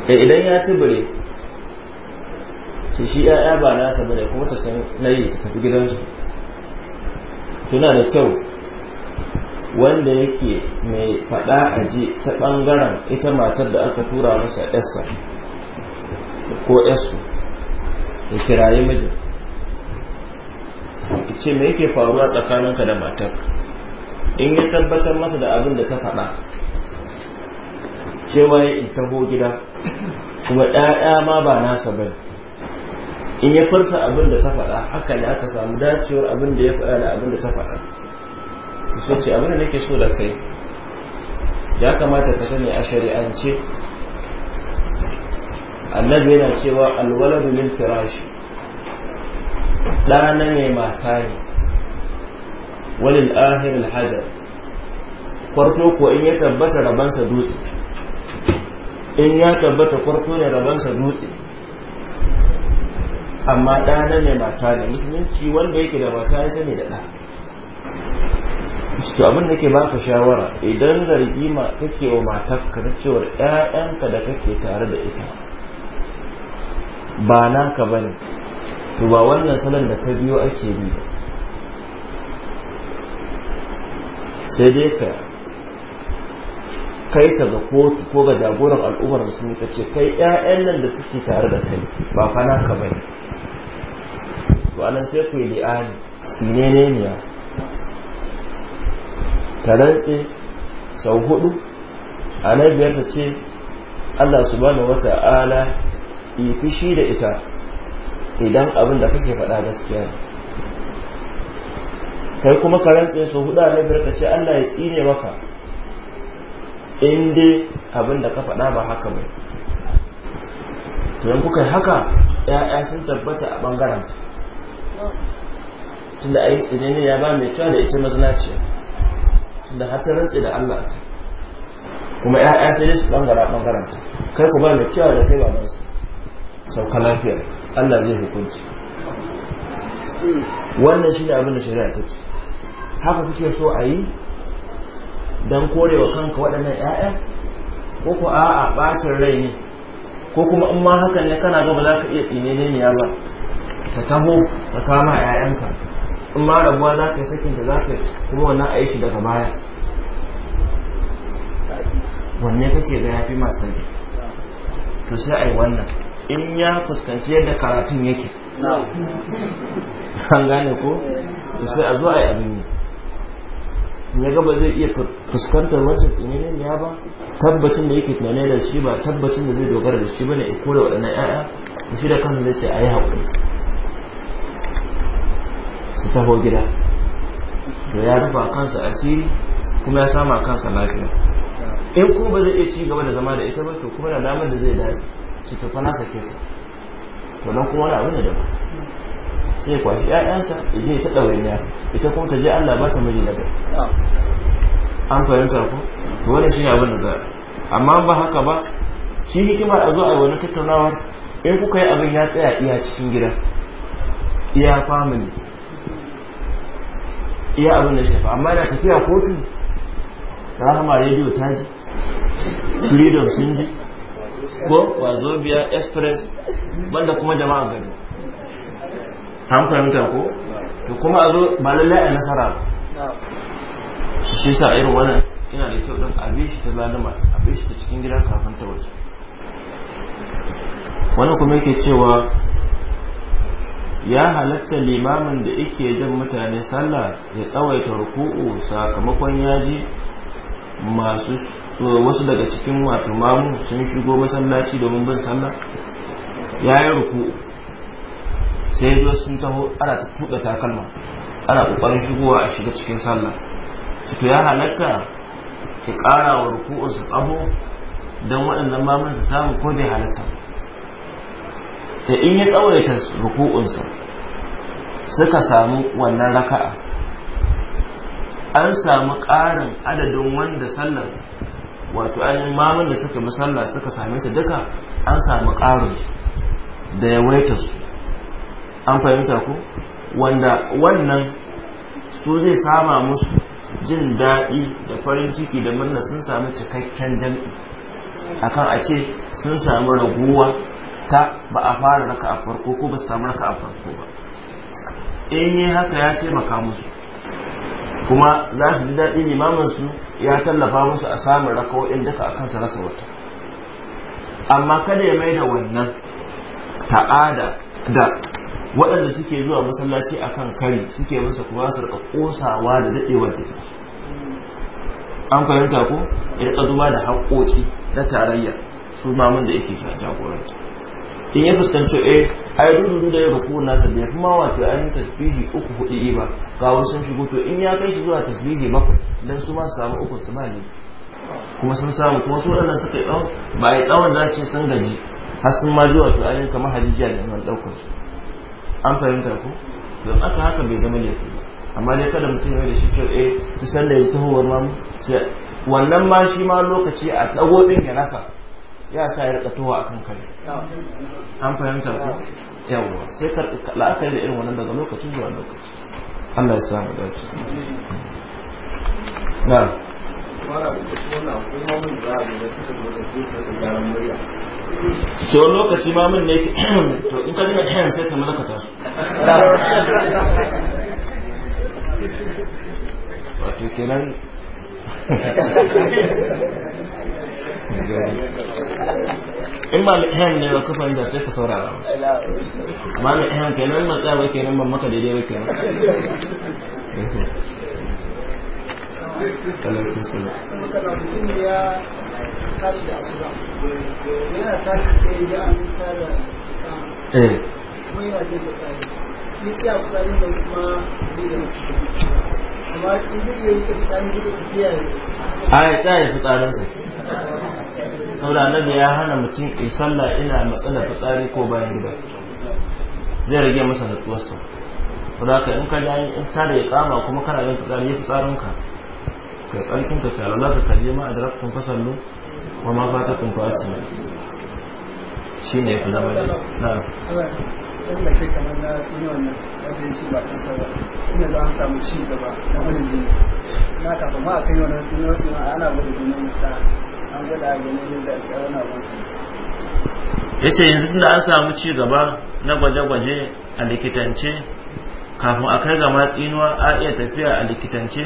eh, idan ya tubure shi shi ya'ya ba nasa bane kuma ta san nayi ta tafi gidansu tuna da kyau wanda yake mai faɗa ji ta ɓangaren ita matar da aka tura masa yarsa ko yarsu ya kirayi mijin ce mai yake faruwa tsakaninka da matar in ya tabbatar masa da abin da ta faɗa cewa ya in taho gida kuma ɗaya ma ba nasa bai in ya farsa abin da ta faɗa haka ne aka samu dacewar abin da ya faɗa da abin da ta faɗa sai ce abin da nake so da kai ya kamata ka sani a shari'ance annabi yana cewa alwaladu min firashi ɗana mai mata ne walil ahir alhajar kwarto ko in ya tabbata rabansa dutse in ya tabbata kwarto ne rabansa dutse amma ɗana mai mata ne musulunci wanda yake da mata ya sani da ɗa to abin da ke baka shawara idan zargi ma kake wa matarka na cewar ƴaƴanka da kake tare da ita ba naka bane to ba wannan salon da ka biyo ake bi sai dai ka kai ta ga kotu ko ga jagoran al'ummar musulmi ka ce kai ƴaƴan nan da suke tare da kai ba fa naka bane to anan sai ku yi li'ani sinene ne ta rantse sau hudu a na biyar ta ce Allah Su subhanahu wata'ala yi shi da ita idan abin da kake faɗa gaskiya ne kai kuma ka rantse sau hudu a na biyar ta ce Allah ya tsine maka in dai abin da ka faɗa ba haka ba to kuka haka ya'ya sun tabbata a ɓangaren tunda a yi tsinini ya ba mai cewa da ita mazinaciya da har ta rantse da Allah kuma ya'ya sai su bangara bangaren kai ku ba mai kyau da kai ba su sauka lafiya Allah zai hukunci wannan shi ne abin da shari'a ce haka kuke so a yi don korewa kanka waɗannan 'ya'ya ko ku a'a ɓacin rai ne ko kuma in ma hakan ne kana gaba za ka iya tsine ne ya ba ta taho ta kama 'ya'yanka in ma rabuwa za ka yi sakin da za ka kuma wannan a yi shi daga baya wanne kake ga fi masu sauki to sai a yi wannan in ya fuskanci yadda karatun yake an gane ko to sai a zo a yi abin ya gaba zai iya fuskantar wancan ne ya ba tabbacin da yake tunane da shi ba tabbacin da zai dogara da shi bane ko da waɗannan 'ya'ya shi da kansa zai ce a yi haƙuri taho gida to ya rufa kansa asiri kuma ya sama kansa lafiya in kuma ba zai iya ci gaba da zama da ita ba to kuma da damar da zai dace ci to fana sake ta to nan kuma wani abu ne daban sai kwashi ƴaƴansa ya je ta ɗawainiya ita kuma ta je Allah ba ta miji na kai an fahimta ko to wannan shine abin da za a amma ba haka ba shi hikimar a zo a yi wani tattaunawa. in kuka yi abin ya tsaya iya cikin gida iya family iya abin da shafa amma yana tafiya kotu rahama rediyo ta ji freedom sun ji ko wazobia express banda kuma jama'a gari an ko to kuma a zo ba lallai a nasara ba shi sa irin wannan ina da kyau don abin shi ta lalama abin shi ta cikin gida kafin ta waje wani kuma yake cewa ya halatta limamin da yake jan mutane sallah ya tsawaita ruku'u sakamakon yaji masu wasu daga cikin wato mamu sun shigo masallaci domin bin sallah ya yi ruku'u sai zo sun taho ana ta tuɓe takalma ana ƙoƙarin shigowa a shiga cikin sallah ciki ya halatta ki ƙara wa ruku'unsa tsaho don waɗannan mamun su samu ko bai halatta da in ya tsawaita ruku'unsa suka samu wannan raka'a an samu ƙarin adadin wanda sallar wato ainihin mamun da suka musalla suka same ta duka an samu ƙarin da ya waita su an fahimta ku wanda wannan su zai sama musu jin daɗi da farin ciki da murna sun samu cikakken jam'i akan a ce sun samu raguwa ta ba a fara raka a farko ko ba su samu raka a farko ba in yi haka ya taimaka musu kuma za su ji daɗi limamansu ya tallafa musu a samun wa'in duka a kansa rasa wata amma kada ya mai da wannan ta'ada da waɗanda suke zuwa masallaci a kan kari suke masa kuma su rika ƙosawa da daɗewar da an fahimta ko ya rika zuba da haƙoƙi na tarayya su mamun da yake jagoranta in ya fuskanci a eh, ai dudu da ya ruku nasa bai kuma wato an yi tasbihi uku hudu ba ga wasu sun shigo to in ya kai shi zuwa tasbihi maku dan su ma su samu uku su mali kuma sun samu kuma su wadannan suka yi ba ai tsawon za ce sun gaji har sun ma ji wato ainihin kamar hajijiya da man daukar su an fahimta ko don aka haka bai zama laifi amma dai kada mutum ya da shi cewa eh su da ya tuhuwar ma mu wannan ma shi ma lokaci a dago din ya rasa ya sa ya rika a akan kai an fahimta ko yawa sai ka la'akari da irin wannan daga lokacin zuwa lokaci Allah ya mu dace na wani lokaci ma mun ne to in ka dinga kiyan sai ka malakata su wato kenan in ba mai ne ba ka fahimta sai ka saurara ba mai ehem kenan ba tsaya kenan ban maka daidai ba kenan talatin yi a fitsarinsa saboda annabi ya hana mutum ya sallah ina matsala fitsari ko bayan gida zai rage masa natsuwarsa saboda ka in ka ji ta da ya kama kuma kana yin fitsari ya fitsarinka ka tsarkin ka za ka kaje ma a darakun fasallu wa ma fata kun fati shi ne fi zama da na wanda kamar na wannan wanda shi ba ba inda za a samu ci gaba na wani jini na kafa ma a kai wannan sun wasu ana wani ne musta ya ce yanzu da an samu ci gaba na gwaje-gwaje a likitance kafin a kai ga matsinuwa a iya tafiya a likitance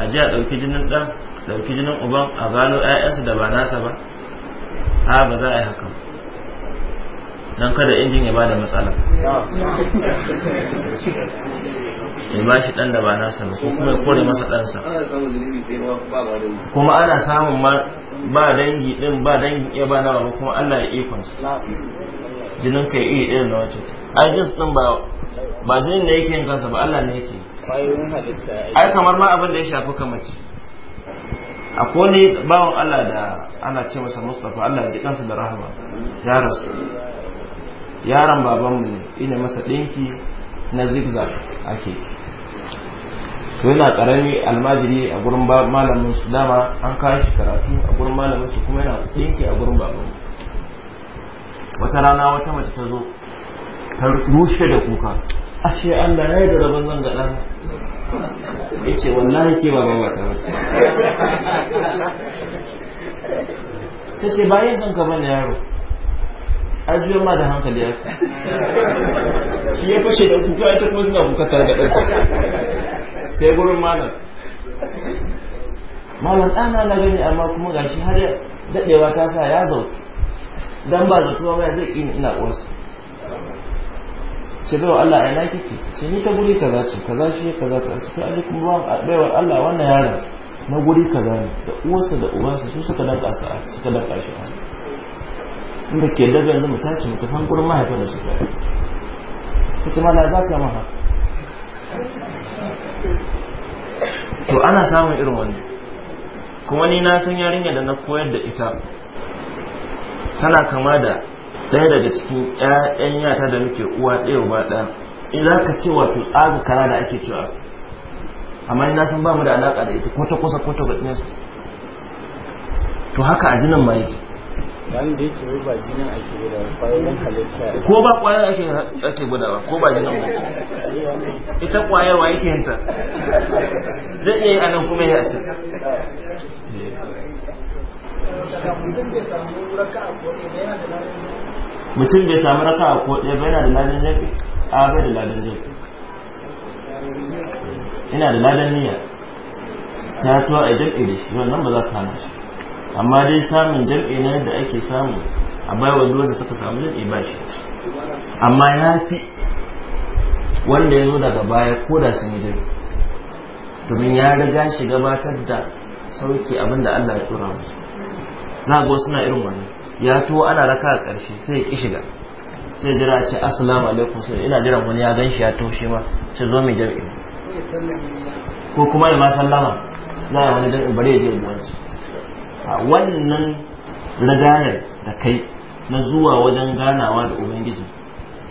a ji a ɗauki jinin ɗan ɗauki jinin uban a gano 'ya'yansa da ba nasa ba a ba za a yi haka don kada injin ya bada matsala ya ba shi dan da ba nasa ba ko kuma ya kore masa dansa. kuma ana samun ba dangi din ba dangi ya ba nawa kuma Allah ya su. jinin kai iri irin na wacce ai jins din ba ba jinin da yake yin kansa ba Allah ne yake ai kamar ma abin da ya shafi kamace ko wani bawan Allah da ana ce masa Mustapha Allah ya ji kansa da rahama ya rasu yaron babanmu ne ina masa ɗinki na zigzag ake to yana ƙarami almajiri a gurin malamin su dama an kashi karatu a gurin malamin su kuma yana ɗinki a gurin babanmu wata rana wata mace ta zo ta rushe da kuka ashe Allah ya yi da rabon zan gaɗa ya ce wallahi ke baba ba ta ta ce bayan zan ka bane yaro a ma da hankali ya fi shi ya fashe da kuka ya kuma suna kuka ɗansa sai gurin malam malam ɗana na gani amma kuma gashi har daɗewa ta sa ya zauki dan ba zato ba zai ƙi ina ƙwarsa ce baiwa Allah a yana kike ce ni ta guri kaza ce kaza shi kaza ta su kai alaikum ruwan baiwa Allah wannan yaron na guri kaza ne da uwarsa da ubansa su suka danka su suka danka shi a inda ke daga yanzu mu tashi mu tafi gurin mahaifin da suka yi ta ce mala za ka maha to ana samun irin wani kuma ni na san yarinya da na koyar da ita tana kama da ɗaya daga cikin ƴaƴan yata da muke uwa ɗaya ba ɗaya in za ka ce wato tsaga kara da ake cewa amma ina san ba mu da alaƙa da ita kwata kusa kwata ga to haka a jinin ma yake wanda yake wai ba jinin ake gudawa kwayoyin halitta ko ba kwayar ake ake gudawa ko ba jinin ba ita kwayar wa yake yinta zai iya yi a nan kuma ya a can mutum bai samu raka a ko ɗaya ba yana da ladan jafi a bai da ladan jafi ina da ladan niyya ta tuwa a jam'i da shi wannan ba za ka hana shi amma dai samun jam'i na yadda ake samu a bai wa da suka samu jam'i ba shi amma ya fi wanda ya zo daga baya ko da sun yi jam'i domin ya riga shi gabatar da sauki abinda da Allah ya tura musu za ga suna irin wannan ya to ana raka a ƙarshe sai ya shiga sai jira ce assalamu alaikum sai ina jiran wani ya gan shi ya taushe ma sai zo mai jam'i ko kuma ya ma sallama za a wani jam'i bari ya je wani wannan ragayar da kai na zuwa wajen ganawa da ubangiji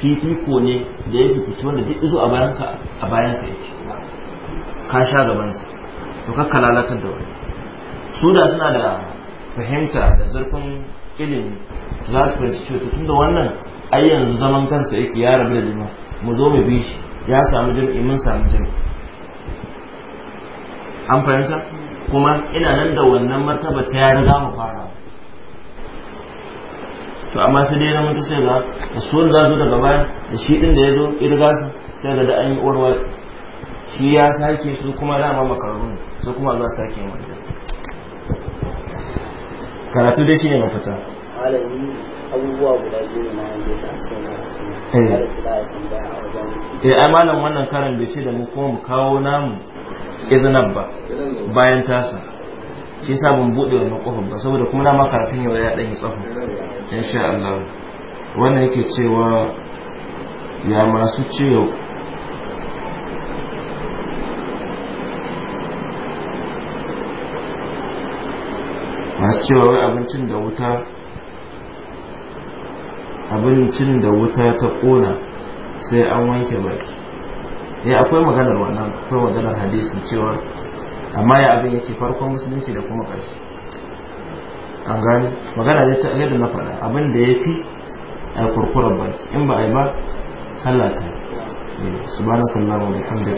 fifiko ne da ya fifici wanda duk izo a bayanka a bayanka yake ka sha gabansa to ka lalatar da wani su da suna da fahimta da zurfin ilimi za su fahimci cewa tun da wannan ai yanzu zaman kansa yake ya rabu da liman mu zo mu bi shi ya samu jirgi mun samu jirgi an fahimta kuma ina nan da wannan martaba ta yari za mu fara to amma sai dai na mutu sai ga kasuwar za su daga baya da shi din da ya zo irga su sai ga da an yi uwarwa shi ya sake su kuma dama makarru su kuma za sake wanda karatu dai shi ne mafita malami abubuwa guda biyu na yanzu eh. da sun eh ai malam wannan karin bai ce da mu kuma mu kawo namu izinan ba bayan tasa shi sa ban buɗe wannan ƙofar ba saboda kuma na makaratun yau ya ɗanyi tsafin insha Allah wannan yake cewa ya masu ciwo masu cewa wai abincin da wuta abincin da wuta ta ƙona sai an wanke baki eh akwai maganar wannan akwai maganar hadisi cewa amma ya abin yake farkon musulunci da kuma ƙarshe an gani magana da ta yadda na faɗa abin da ya fi a kurkurar baki in ba a yi ba sallah ta wani. Eh, wa bihamdika